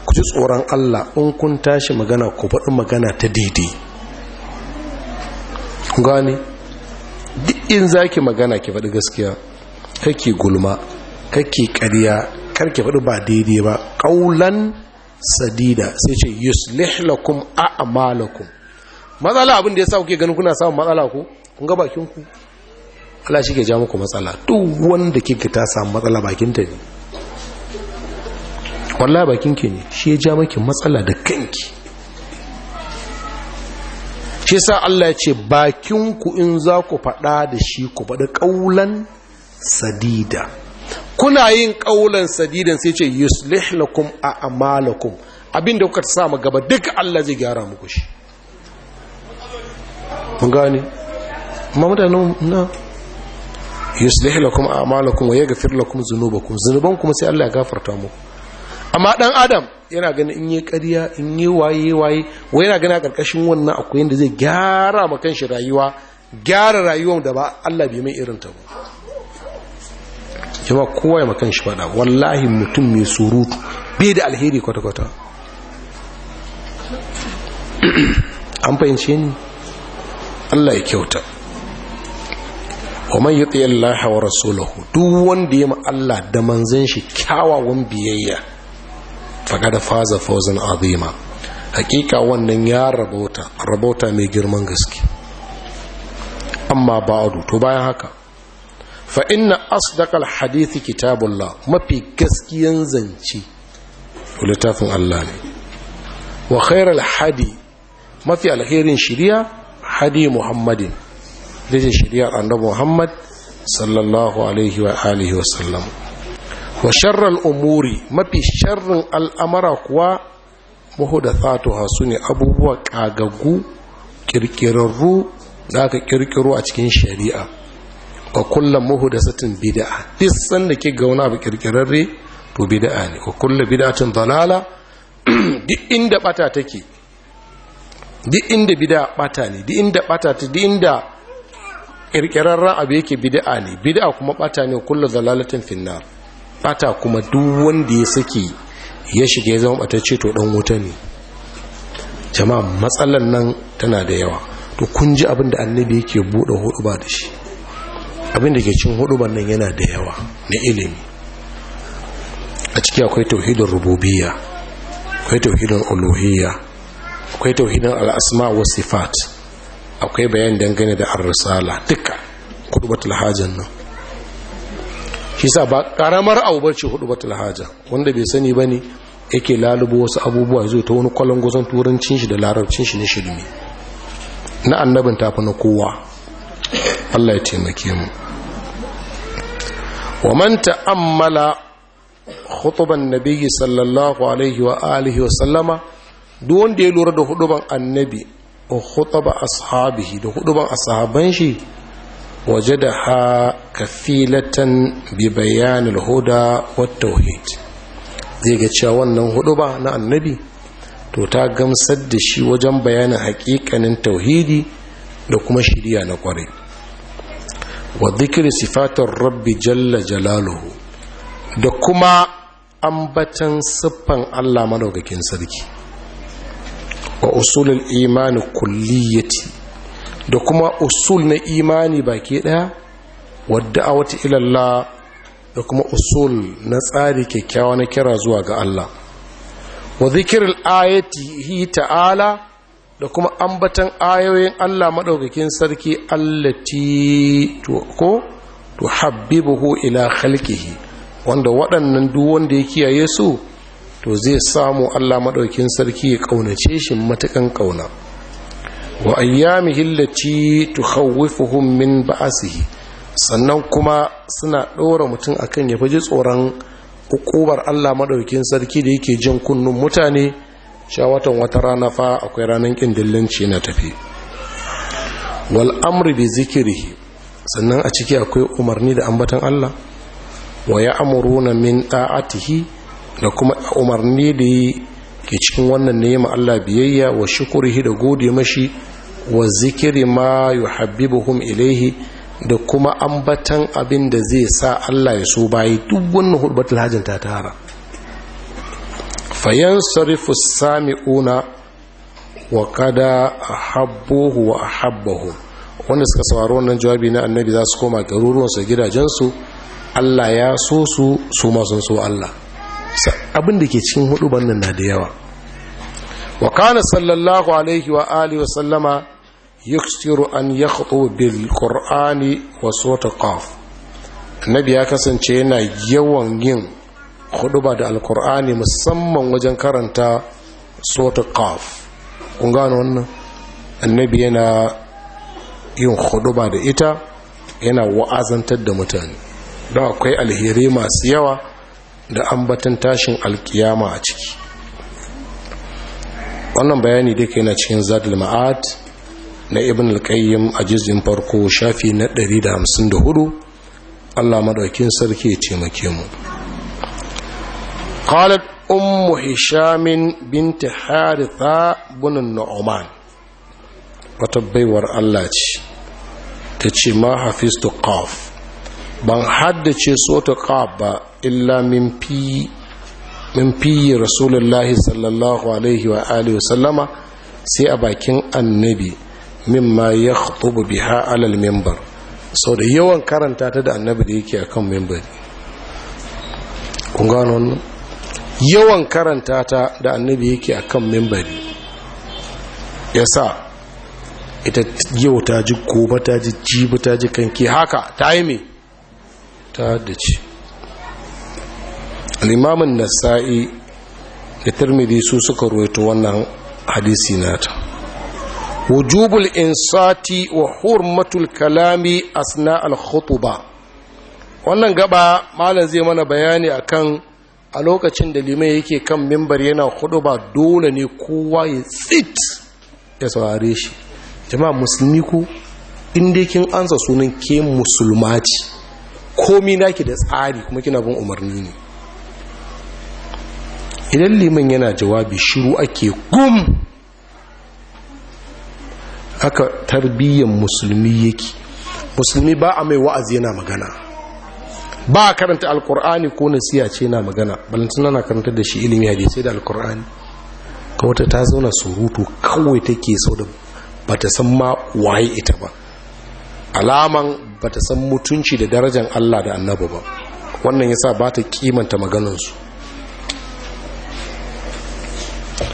ku ji tsoron Allah in kun tashi magana ku faɗi magana ta daidai gani duk in zaki magana ki faɗi gaskiya kake gulma kake ƙarya karki faɗi ba daidai ba ƙaulan sadida sai ce yuslih lakum a'malakum matsala abin da yasa kuke ganin kuna samun matsala ku kun ga bakin ku Allah shi ke ja muku matsala duk wanda ke ta samu matsala bakin ta ne wallahi bakin ki ne shi ya ja miki matsala da kanki shi sa Allah ya ce bakinku in za ku faɗa da shi ku faɗi ƙaulan sadida kuna yin kaulan sadidan sai ce yuslih lakum a amalakum abinda kuka samu gaba duk Allah zai gyara muku shi mun gane amma mutanen na yuslih lakum a amalakum wa yaghfir lakum zunubakum zunuban kuma sai Allah ya gafarta muku amma dan adam yana gani in yi kariya, in yi waye waye wai yana gani a ƙarƙashin wannan akwai yadda zai gyara ma shi rayuwa gyara rayuwar da ba Allah bai mai irin ta ba jama kowa ya ma shi faɗa, wallahi mutum mai surutu bai da alheri kwata-kwata an fahimce ni Allah ya kyauta wa yi yuti Allah wa rasulahu duk wanda ya ma Allah da manzon shi kyawawan biyayya faƙar faza fauzan azima hakika wannan ya rabota rabota mai girman gaske amma ba'adu to bayan haka fa inna asdaqal hadithi kitabullah mafi gaskiyan zance littafin Allah ne wa khairal hadi mafi alherin shiriya hadi muhammadin dijin shiriya annabi muhammad sallallahu alaihi wa alihi wa sallam wa sharral umuri mafi sharrin al'amara kuwa muhudathatuha su ne abubuwa kagaggu kirkirarru da aka kirkiro a cikin shari'a wa kullum muhudathatin bida'a fisan da ke ga wani abu kirkirarre to bida'a ne wa kullum bid'atin dalala duk inda bata take duk inda bida'a bata ne duk inda bata ta duk inda kirkirarren abu yake bida'a ne bida'a kuma bata ne kullu tun finnar bata kuma duk wanda ya saki ya shiga ya zama batacce to dan wuta ne jama'a matsalan nan tana da yawa to kun ji abin da annabi yake bude hudu ba da shi abin da ke cin hudu nan yana da yawa na ilimi a ciki akwai tauhidin rububiyya akwai tauhidin uluhiyya akwai tauhidin al'asma wa sifat akwai bayan dangane da ar-risala duka kudubatul hajjan nan shi sa ba karamar abu bace hudu batul haja wanda bai sani ba bane yake lalubo wasu abubuwa zuwa ta wani kwallon gozon turancin shi da larabcin shi na shirme na annabin tafi na kowa Allah ya taimake mu wa man ta'ammala khutuban nabiyyi sallallahu alaihi wa alihi wa sallama duk wanda ya lura da ban annabi wa khutaba ashabihi da ban ashaban shi wajadaha kafilatan bi bayanil hoda wat tauhid zai ga cewa wannan hudu ba na annabi to ta gamsar da shi wajen bayanin hakikanin tauhidi da kuma shiriya na kwarai wa zikiri sifatar rabbi jalla jalaluhu da kuma ambatan siffan Allah madaukakin sarki wa usulul imani kulliyati da kuma usul na imani baki daya wadda a wata ilalla da kuma usul na tsari kyakkyawa na kira zuwa ga Allah wa zikirin ayatihi ta'ala da kuma ambatan ayoyin Allah maɗaukakin sarki allati ko to habbibuhu ila khalqihi wanda waɗannan duk wanda ya kiyaye su to zai samu Allah maɗaukakin sarki ya ƙaunace shi matukan ƙauna wa ayyamihi allati tukhawwifuhum min ba'sihi sannan kuma suna ɗora mutum akan ya faji tsoron hukubar Allah madaukin sarki da yake jin kunnun mutane sha watan wata rana fa akwai ranan kin dillanci na tafi wal amri bi zikrihi sannan a ciki akwai umarni da ambatan Allah wa ya'muruna min ta'atihi da kuma umarni da ke cikin wannan ne ma Allah biyayya wa shukurihi da gode mashi wa zikiri ma habibuhum ilaihi da kuma ambatan abin da zai sa Allah ya so bayi duk wannan hudbatul hajjin ta tara fayansarifu sami'una wa kada ahabbuhu wa ahabbahu wanda suka sauraro wannan jawabi na annabi za su koma garuruwansu gidajensu Allah ya so su su ma sun so Allah abin da ke cikin hudu bannan na da yawa wa kana sallallahu alaihi wa alihi wa sallama yuksiru an bil qur'ani wa sota qaf annabi ya kasance yana yawan yin huduba da alqur'ani musamman wajen karanta sota qaf kun gano wannan annabi yana yin huɗuba da ita yana wa'azantar da mutane don akwai alheri masu yawa da ambatan tashin alkiyama a ciki wannan bayani da yana cikin zadul ma'ad na ibn alƙayyim a jizgin farko shafi na 154 allah maɗaukin sarki ya taimake mu قالت أم هشام بنت حارثة بن allah ce ce ma ma hafiz tuqaf ban haddace sota tuqaf ba illa min fi min fi رسول الله alaihi wa عليه wa وسلم sai a bakin annabi يخطب ya على biha alal minbar sau da yawan karanta ta da annabi da yake kan minbari kun gano yawan karanta ta da annabi yake kan membari ya sa ita yau ta ji gobe ta ji jibi ta ji kanki haka ta yi ta da ci al'imamin nasa'i da turmidi su suka ruwaito wannan hadisi na nata wujubul insati wa hurmatul kalami asna al-khutuba wannan gaba malam zai mana bayani akan a lokacin da limai yake kan mimbar yana huduba dole ne kowa ya tsit ya saurare shi jama'a musulmi ku inda kin ansa sunan ke musulmaci komi naki da tsari kuma kina bin umarni ne idan liman yana jawabi shiru ake gum haka tarbiyyar musulmi yake musulmi ba a mai wa'azi yana magana ba a karanta alkur'ani ko nasiya ce yana magana balantana na karanta da shi ilimi hadisai da alkur'ani wata ta zauna surutu kawai take sau da ba ta san ma waye ita ba alaman ba ta san mutunci da darajar Allah da annaba ba wannan ya sa ba ta kimanta maganansu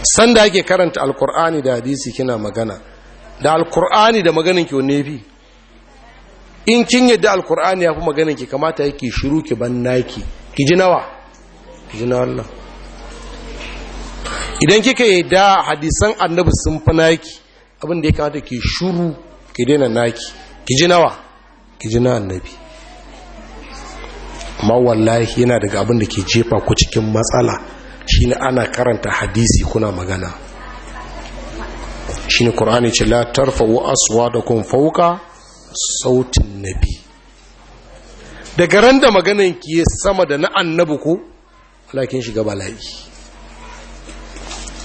sanda ake karanta alkur'ani da hadisi kina magana da alkur'ani da maganin ki wanne bi in kin yadda alkur'ani ya fi maganin ki kamata yake shiru ki ban naki ki ji nawa ki ji na Allah idan kika yadda hadisan annabi sun fi naki abin da ya kamata ki shiru ki daina naki ki ji nawa ki ji na annabi amma wallahi yana daga abin da ke jefa ku cikin matsala Shin ana karanta hadisi kuna magana shine qur'ani ce la da kun fauka sautin nabi daga ran da maganan ki sama da na annabi ko alaƙin shiga bala'i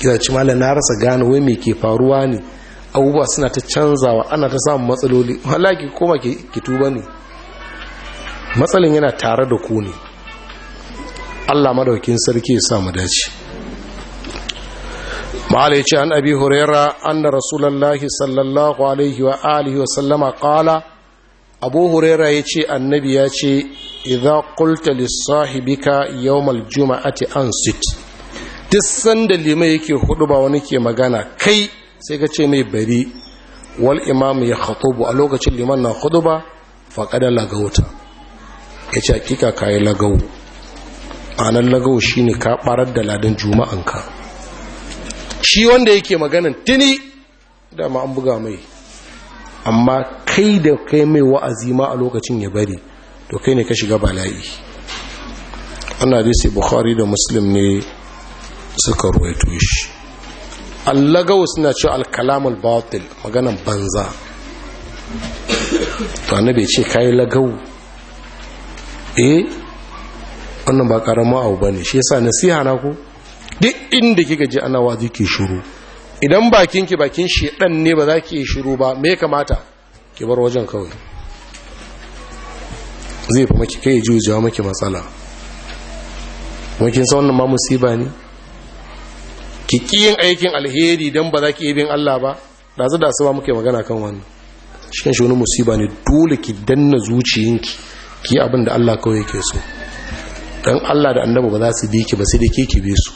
kina ci na rasa gano wai mai ke faruwa ne abubuwa suna ta canzawa ana ta samun matsaloli alaƙi koma ki tuba ne matsalin yana tare da ku ne Allah madaukin sarki ya sa mu dace ma'ala yace an abi huraira anna rasulullahi sallallahu alaihi wa alihi wa sallama qala abu huraira yace annabi yace idza qulta lisahibika yawmal juma'ati ansit duk sanda liman yake hudu ba wani ke magana kai sai ka ce mai bari wal imam ya khatubu a lokacin liman na hudu ba faqada lagauta yace hakika kai lagau ma'anar lagawo shi ne ka ɓarar da ladan ka? shi wanda yake maganin tuni dama an buga mai amma kai da kai mai wa'azi ma a lokacin ya bari to kai ne ka shiga bala'i ana sai bukhari da muslim ne suka ruwaito shi allagawo suna cewa al batil maganan banza to bai ce kai lagawo eh wannan ba karama abu ne. shi yasa nasiha na ku duk inda kika ji ana wazi ki shiru idan bakin ki bakin shedan ne ba za ki yi shiru ba me kamata ki bar wajen kawai zai fi maki kai jujuwa maki matsala wakin sa wannan ma musiba ne ki kiyin aikin alheri dan ba za ki yi bin Allah ba da zu su ba muke magana kan wannan shi kan shi wani musiba ne dole ki danna zuciyanki ki abin da Allah kawai yake so dan Allah da annabi ba za su bi ki ba sai dai ke ki bi su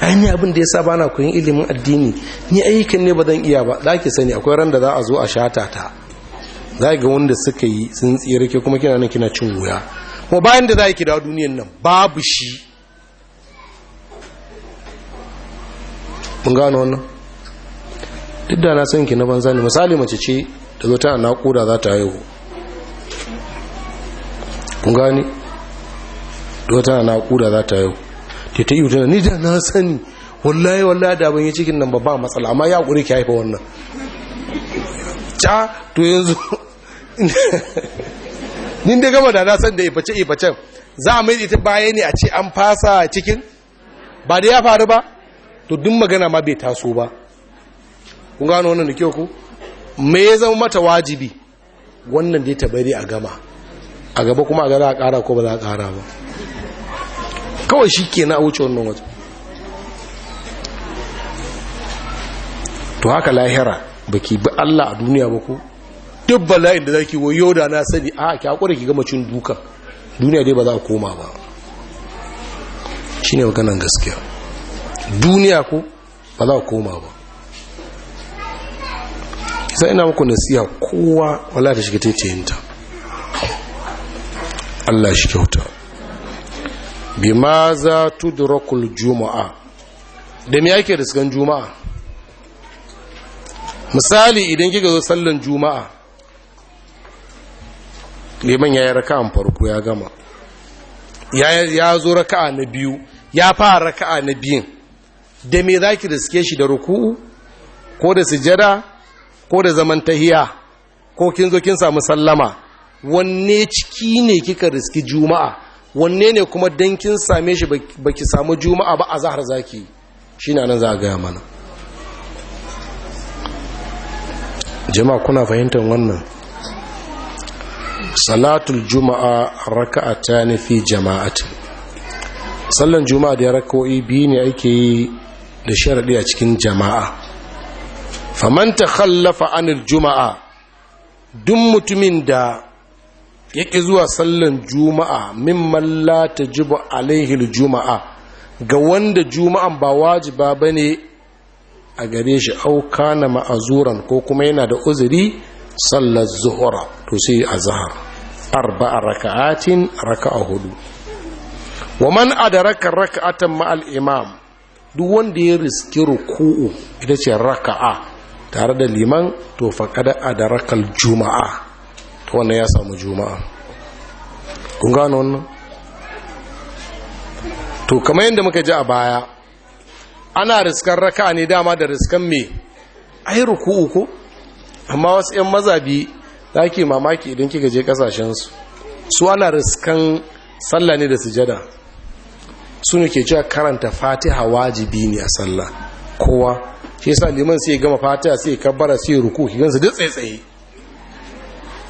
ai ni abin da yasa na koyin ilimin addini ni ayyukan ne ba zan iya ba za ki sani akwai ran da za a zo a shata ta za ga wanda suka yi sun tsira ke kuma kina nan kina cin wuya kuma bayan da za ki dawo duniyan nan babu shi mun gano wannan duk da na san ki na banza ne misali mace ce da zo ta naƙuda za ta haihu gani wata na kura za ta yau ta ta yi ni da na sani wallaye wallaye da ban yi cikin nan ba ba matsala amma ya kuri ki haifa wannan ca to yanzu Ni da gama da na san da iface ifacen za a mai ita baya ne a ce an fasa cikin ba da ya faru ba to duk magana ma bai taso ba kun gano wannan da kyau ku me ya zama mata wajibi wannan da ya tabari a gama a gaba kuma ga gada a ƙara ko ba za a ƙara ba kawai shi ke na wuce wannan wata to haka lahira ba ki bi Allah a duniya ba ku dubba bala'in da za ki wayo da na sani a ki haƙura ki gama cin duka duniya dai ba za a koma ba shi ne maganan gaskiya duniya ko ba za a koma ba sai ina muku nasiha kowa wala ta shiga ta Allah shi kyauta bima za tudrakul juma'a da me yake riskan juma'a misali idan kika zo sallan juma'a liman ya yi raka'an farko ya gama ya zo raka'a na biyu ya fara raka'a na biyun da me za ki riske shi da ruku'u ko da sujada ko da zaman tahiya ko kin zo kin samu sallama wanne ciki ne kika riski juma'a wanne ne kuma dan kin same shi baki samu juma'a ba a zahar zaki na nan za a gaya mana jama'a kuna fahimtar wannan salatul juma'a raka a ta nufi jama'atin sallan juma'a da ya rak'o'i biyu ne ake yi da sharaɗi a cikin jama'a famanta takhallafa anil juma'a duk mutumin da yaƙi zuwa sallan juma'a min mallata tajibu alaihil juma'a ga wanda juma'an ba wajiba ba ne a gare shi auka na ma'azuran ko kuma yana da uzuri sallar zuhura to sai arba arba'a raka'atin raka'a hudu wa man adaraka raka'atan ma'al imam duk wanda ya riski ruku'u ita ce raka'a tare da liman to faqada adarakal juma'a to wannan ya samu juma'a kun gano wannan to kamar yadda muka ji a baya ana riskan raka ne dama da riskan me ai ruku'u ko amma wasu 'yan mazabi da ke mamaki idan kika je kasashensu su ana riskan sallah ne da sujada su ne ke cewa karanta fatiha wajibi ne a sallah kowa shi yasa liman sai gama fatiha sai kabbara sai ruku'u ruku ki duk tsaye-tsaye.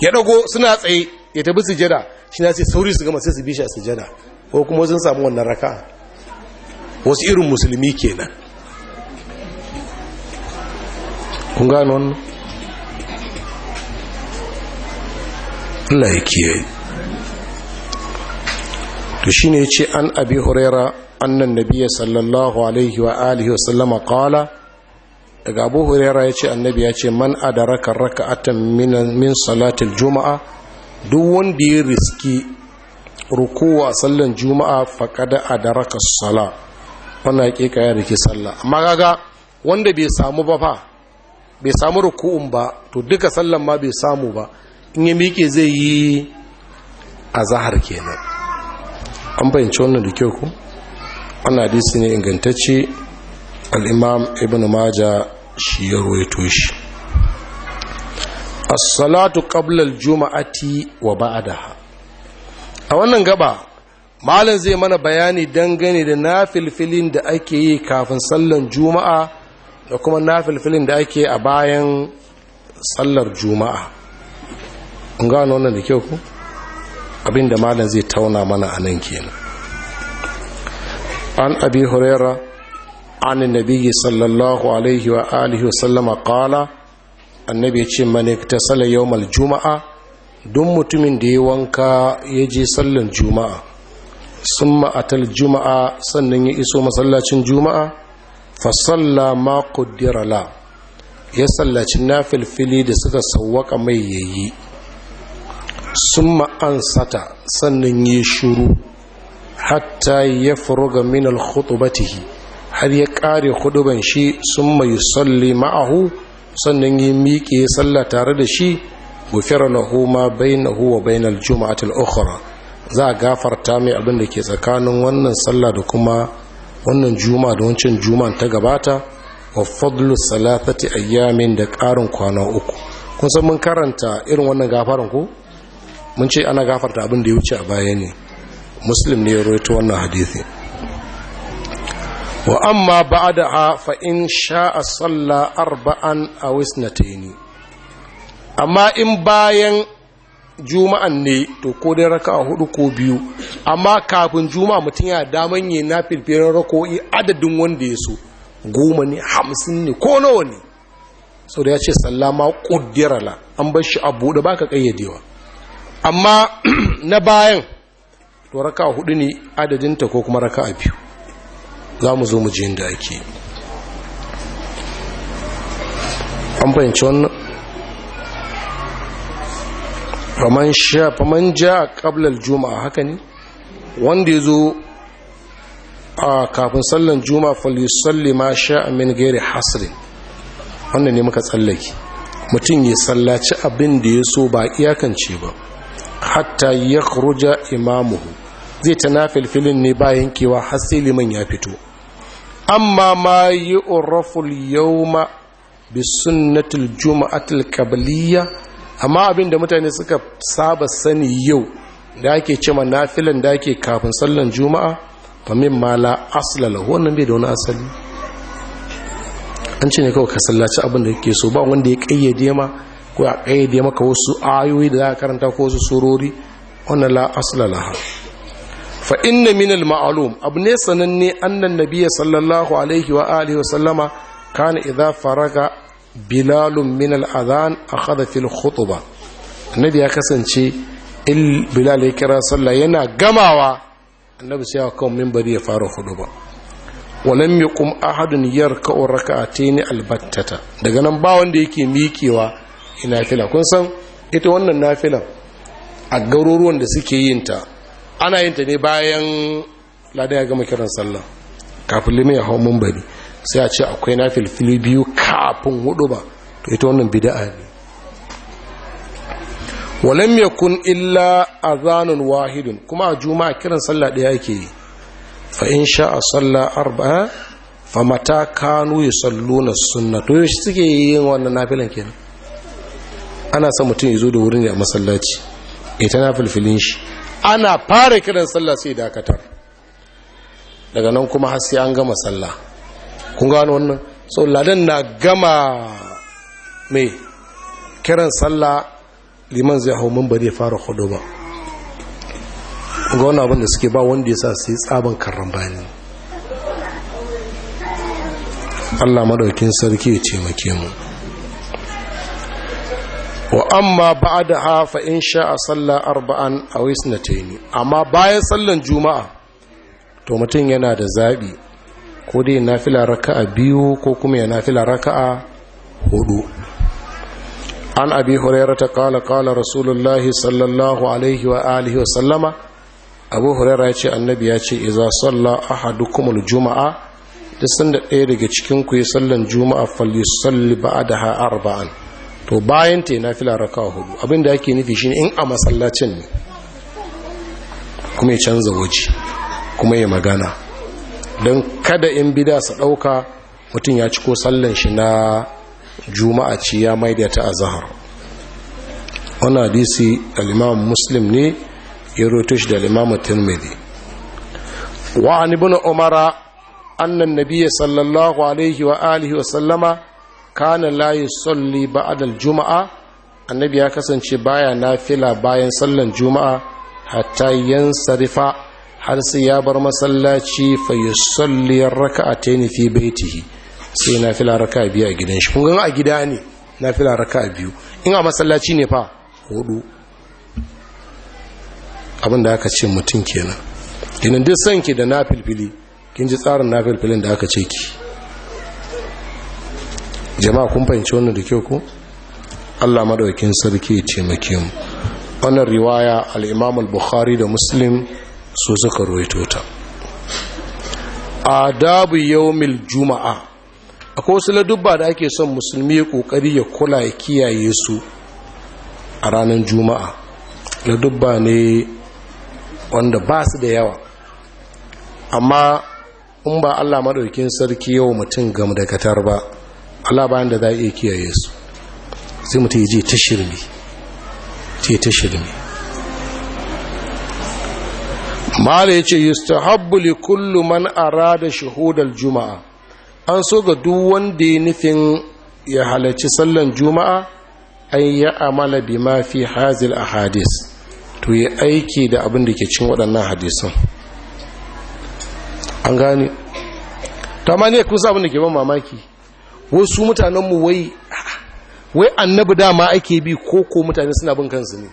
ya dago suna tsaye ya tafi sujada shi na sai sauri su gama sai su bisha a sujada ko kuma sun samu wannan raka wasu irin musulmi kenan kun gano wannan Allah ya kiyaye to shine ce an abi huraira annan nabiyya sallallahu alaihi wa alihi wa sallama qala daga abu hurera ya ce annabi ya ce man adaraka raka'atan min salatil juma'a duk wanda ya riski rukuwa sallan juma'a faqada adaraka sala wannan hakika ya riki sallah amma kaga wanda bai samu ba fa bai samu ruku'un ba to duka sallan ma bai samu ba in ya miƙe zai yi a azahar kenan an fahimci wannan da kyau ku wannan hadisi ne ingantacce al-imam ibn majah shi ya ruwaito shi as-salatu qabla jumaati wa ba'daha a wannan gaba malam zai mana bayani dangane da nafilfilin da ake yi kafin sallan juma'a da kuma nafilfilin da ake a bayan sallar juma'a an gano wannan da kyau ku abinda malam zai tauna mana a nan kenan an abi hurairah an nabi sallallahu alaihi wa alihi wa sallama qala annabi ya ce man iktasala yawmal juma'a duk mutumin da ya wanka ya je sallar juma'a summa atal juma'a sannan ya iso masallacin juma'a fa salla ma ya sallaci nafilfili da suka sawwaka mai yayi Sun ma'ansata sannan ya shiru. hatta ya furuga min al khutbatihi har ya ƙare ban shi sun mai salli ma'ahu sannan yi miƙe salla tare da shi gufira na huma bai bainahu wa bainal juma'atul okhara za a gafarta mai abin da ke tsakanin wannan sallah da kuma wannan juma da wancan ta gabata wa fadlu salatati ayyamin da ƙarin kwana uku kun san mun karanta irin wannan gafaran ko mun ce ana gafarta abin da ya wuce a baya ne muslim ne ya rawaito wannan hadisi wa amma ba ba'daha fa in a salla arba'an aw isnatayn amma in bayan juma'an ne to ko dai raka'a hudu ko biyu amma kafin juma'a mutum ya daman yi na filfirin rako'i adadin wanda ya so goma ne hamsin ne ko nawa ne sau da ya ce sallama ƙuddirala an bar shi a buɗe ba ka ƙayyadewa amma na bayan to raka hudu ne adadinta ko kuma raka a biyu za mu zo mu ji inda ake an fahimci wannan faman sha faman ja ƙablar juma'a haka ne wanda ya zo a kafin sallan juma'a falisalli ma sha min gairi hasirin wannan ne muka tsallake mutum ya sallaci abin da ya so ba iyakance ba hatta ya kuruja imamuhu zai ta na filfilin ne bayan kewa har sai liman ya fito amma ma yi uraful yauma bi sunnatul juma'atul kabliya amma abinda mutane suka saba sani yau da ake cema nafilan da ake kafin sallar juma'a fa min ma la asla lahu wannan bai da wani asali an ce ne kawai ka sallaci abin da kake so ba wanda ya kayyade ma ko ya kayyade maka wasu ayoyi da za a karanta ko wasu surori wannan la asla laha fa inna min al-ma'lum abu ne sananne annan nabiyya sallallahu alaihi wa alihi wa sallama kana idza faraga bilalun min al-adhan akhadha fil khutbah annabi ya kasance in bilal ya kira sallah yana gamawa annabi sai ya kawo minbari ya fara khutba walam yakum ahadun yarka'u rak'atayn albattata daga nan ba wanda yake miƙewa ina fila kun san ita wannan nafilan a garuruwan da suke yin ta ana yin ta ne bayan ladan ya gama kiran sallah kafin limin ya hau mumbari sai a ce akwai na filfili biyu kafin hudu ba to ita wannan bida'a ne walam yakun illa azanun wahidun kuma a juma'a kiran sallah ɗaya yake yi fa in sha a sallah arba'a fa mata kanu na sunna to yaushe suke yin wannan nafilan kenan ana son mutum ya zo da wurin ya masallaci ita na filfilin shi ana fara kiran sallah sai dakatar daga nan kuma har sai an gama sallah kun gano wannan so ladan na gama mai kiran sallah liman zai hau mun bari ya fara hudu ba ga wani abin da suke ba wanda ya sa su yi tsaban karram bayani Allah madaukin sarki ya ce mu wa amma ba'daha fa in sha'a salla arba'an aw isnatayn amma bayan sallan juma'a to mutum yana da zaɓi ko dai nafila raka'a biyu ko kuma ya nafila raka'a hudu an abi hurairata qala qala rasulullahi sallallahu alaihi wa alihi wa sallama abu huraira ce annabi ya ce iza salla ahadukumul juma'a duk sanda ɗaya daga cikin ku yi sallan juma'a falyusalli ba'daha arba'an to bayan ta yana fila raka hudu abinda yake nufi shi in a masallacin ne kuma ya canza waje kuma ya magana don kada in bida su ɗauka mutum ya ci ko sallan shi na juma'a ci ya maida ta a zahar wani hadisi al'imam muslim ne ya roto shi da al'imam tirmidhi wa umara annan nabiya sallallahu alaihi wa alihi wa sallama kana la solli ba'dal juma'a annabi ya kasance baya nafila bayan sallan juma'a hatta yansarifa har sai ya bar masallaci fa yusalli raka'atayn fi baitihi sai nafila raka'a biyu a gidan shi kun a gida ne nafila raka'a biyu in a masallaci ne fa hudu abin da aka ce mutum kenan kenan duk sanki da nafilfili kin ji tsarin nafilfilin da aka ce ki jama'a kun fahimci wannan da kyau ko Allah madaukakin sarki ya taimake mu wannan riwaya al-Imam al-Bukhari da Muslim su suka rawaito ta adabu yawmil juma'a akwai wasu ladubba da ake son musulmi ya kokari ya kula ya kiyaye su a ranar juma'a ladubba ne wanda ba su da yawa amma in ba Allah madaukakin sarki yau mutum gam da katar ba Allah bayan da za a iya kiyaye su sai mutum ya je ta shirme yi ta shirme mala ya ce yustahabbu li kullu man arada shahudar juma'a an so ga duk wanda ya nufin ya halarci sallan juma'a an yi amala bi ma fi hazil hadis to yi aiki da abin da ke cin waɗannan hadisan an gane ta ma ne kusa abin da ke ban mamaki wai su mutanenmu wai wai annabi dama ake bi ko ko mutane suna bin kansu ne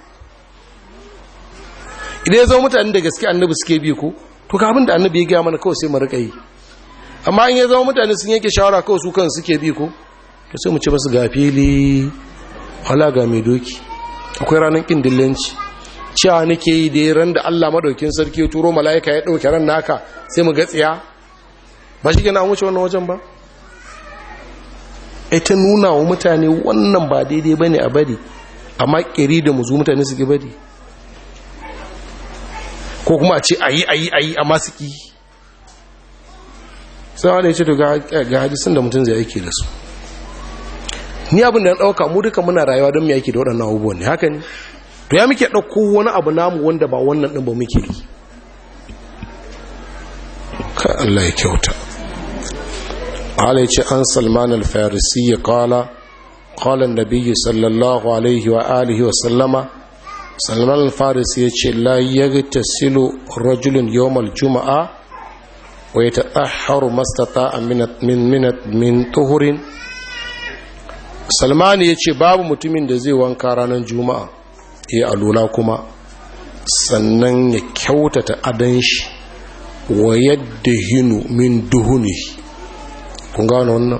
idan ya zama mutane da gaske annabi suke bi ko to ka abin da annabi ya gaya mana kawai sai mu rika yi amma in ya zama mutane sun yanke shawara kawai su kansu suke bi ko to sai mu ci basu ga fili ga mai doki akwai ranar kin dillanci cewa nake yi da ran da Allah madaukin sarki ya turo mala'ika ya ɗauke ran naka sai mu ga tsiya ba shi gina an wuce wannan wajen ba ai ta nuna wa mutane wannan ba daidai bane a bari amma kiri da muzu mutane suke bari ko kuma a ce ayi ayi ayi amma su ki sai wanda ya ce to ga hadisin da mutum zai aiki da su ni abin da na ɗauka mu duka muna rayuwa don mu aiki da waɗannan abubuwan ne haka ne to ya muke ɗauko wani abu namu wanda ba wannan ɗin ba muke yi ka Allah ya kyauta قال عن سلمان الفارسي قال قال النبي صلى الله عليه وآله وسلم سلمان الفارسي لا يغتسل رجل يوم الجمعة ويتطهر ما استطاع من من من من طهر سلمان يجي باب متمن da zai wanka ranar juma'a ya alula kuma sannan ya kyautata adan shi wa yadda hinu min duhunihi kun gano wannan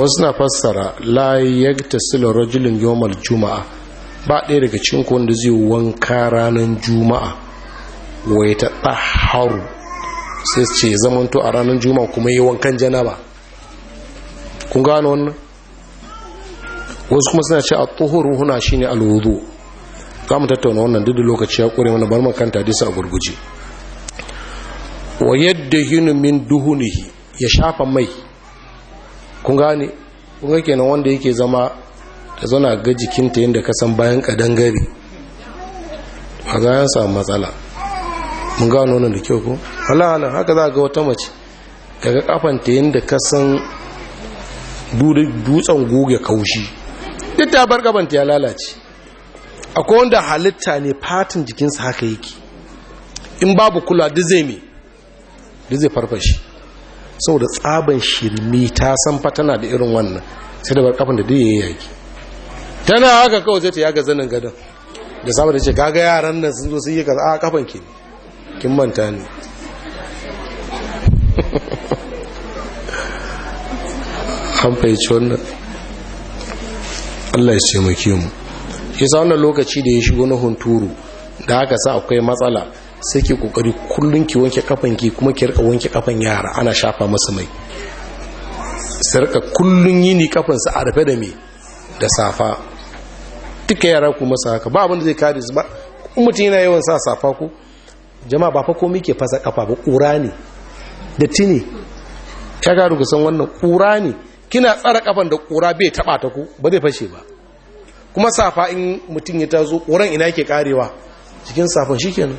wasu na fassara layi ya ta sila rajulun yomar juma'a ba ɗaya daga cikin wanda zai wanka ranar juma'a wai ta ɗaharu sai ce zamanto a ranar juma'a kuma yi wankan janaba kun gano wannan wasu kuma suna ce a tsohuru huna ne alwudu za mu tattauna wannan duk lokaci ya kure mana bar makanta disa a gurguje wa yadda hinu min duhunihi ya shafa mai kun gane kun ga kenan wanda yake zama ta zana ga jikinta yadda ka san bayan kadan gari a za yan samu matsala mun gano nan da kyau ko halala haka za ga wata mace daga kafanta yadda ka san dutsen goge kaushi duk ta bar gabanta ya lalace akwai wanda halitta ne fatin jikinsa haka yake in babu kula duk zai mai duk zai farfashe saboda tsaban shirme ta san fa tana da irin wannan sai da bar kafin da dai yayi yaki tana haka kawai zai ta yaga zanin gadon da samu da ce kaga yaran nan sun zo sun yi kaza a kafan ki kin manta ne an fahimci wannan Allah ya taimake mu sa wannan lokaci da ya shigo na hunturu da aka sa akwai matsala sai ke kokari kullun ki wanke kafan ki kuma ki rika wanke kafan yara ana shafa masa mai Sarka kullum kullun yini kafan sa a rufe da me da safa duka yara ku masa haka ba abin da zai kare su ba mutum yana yawan sa safa ku jama'a ba fa komai ke fasa kafa ba kura ne da tini ta garu ku san wannan kura ne kina tsara kafan da kura bai taba ta ku ba zai fashe ba kuma safa in mutum ya tazo kuran ina yake karewa cikin safan shikenan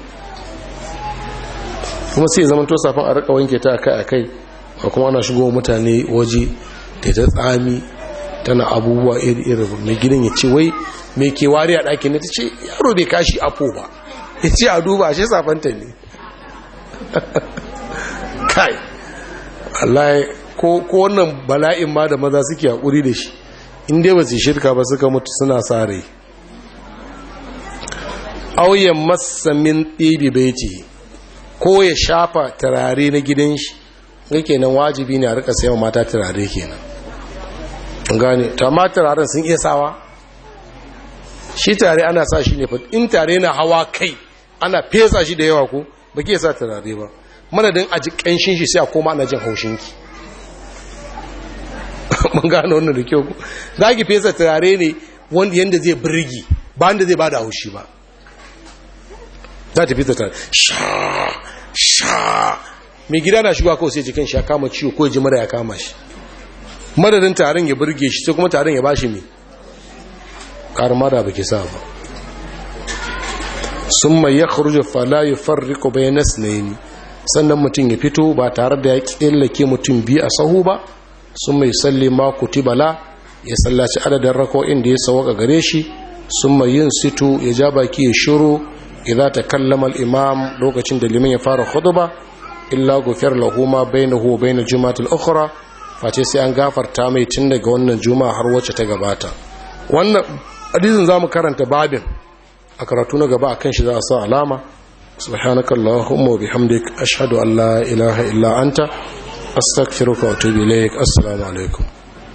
kuma sai zaman to safan a rika wanke ta akai akai a kuma ana shigo mutane waje da ta tsami tana abubuwa iri iri mai gidan ya ce wai mai ke wari a ɗakin ta ce yaro bai kashi afo ba ya ce a duba shi safanta ne kai Allah ko wannan bala'in ma da maza suke haƙuri da shi dai ba su shirka ba suka mutu suna sa auyen masamin min ɗibi baiti ko ya shafa turare na gidan shi ga kenan wajibi ne a rika sayan mata turare kenan gane to turaren sun iya sawa shi tare ana sa shi ne in tare na hawa kai ana fesa shi da yawa ko ba ke sa turare ba manadin a ji kanshin shi sai a koma ana jin haushin ki mun gano wannan da kyau za ki fesa turare ne wanda yanda zai birgi ba wanda zai ba da haushi ba za ta fita ta sha sha mai gida na shiga kawai sai jikin shi ya kama ciwo ko ji mara ya kama shi madadin tarin ya burge shi sai kuma tarin ya bashi mai karin mara ba ke sa ba sun mai ya kurje falaye farriko bayan yini, sannan mutum ya fito ba tare da ya ƙillake mutum biyu a sahu ba sun mai salli mako tibala ya sallaci adadin rako inda ya sawaka gare shi sun mai yin sito ya ja baki ya shuru idza takallama al-imam lokacin da liman ya fara khutba illa gufir lahu ma bainahu bain al ukhra face sai an gafarta mai tun daga wannan juma har wacce ta gabata wannan hadisin zamu karanta babin a karatu na gaba akan shi za a sa alama subhanaka allahumma wa bihamdik ashhadu an la ilaha illa anta astaghfiruka wa atubu ilaik assalamu alaikum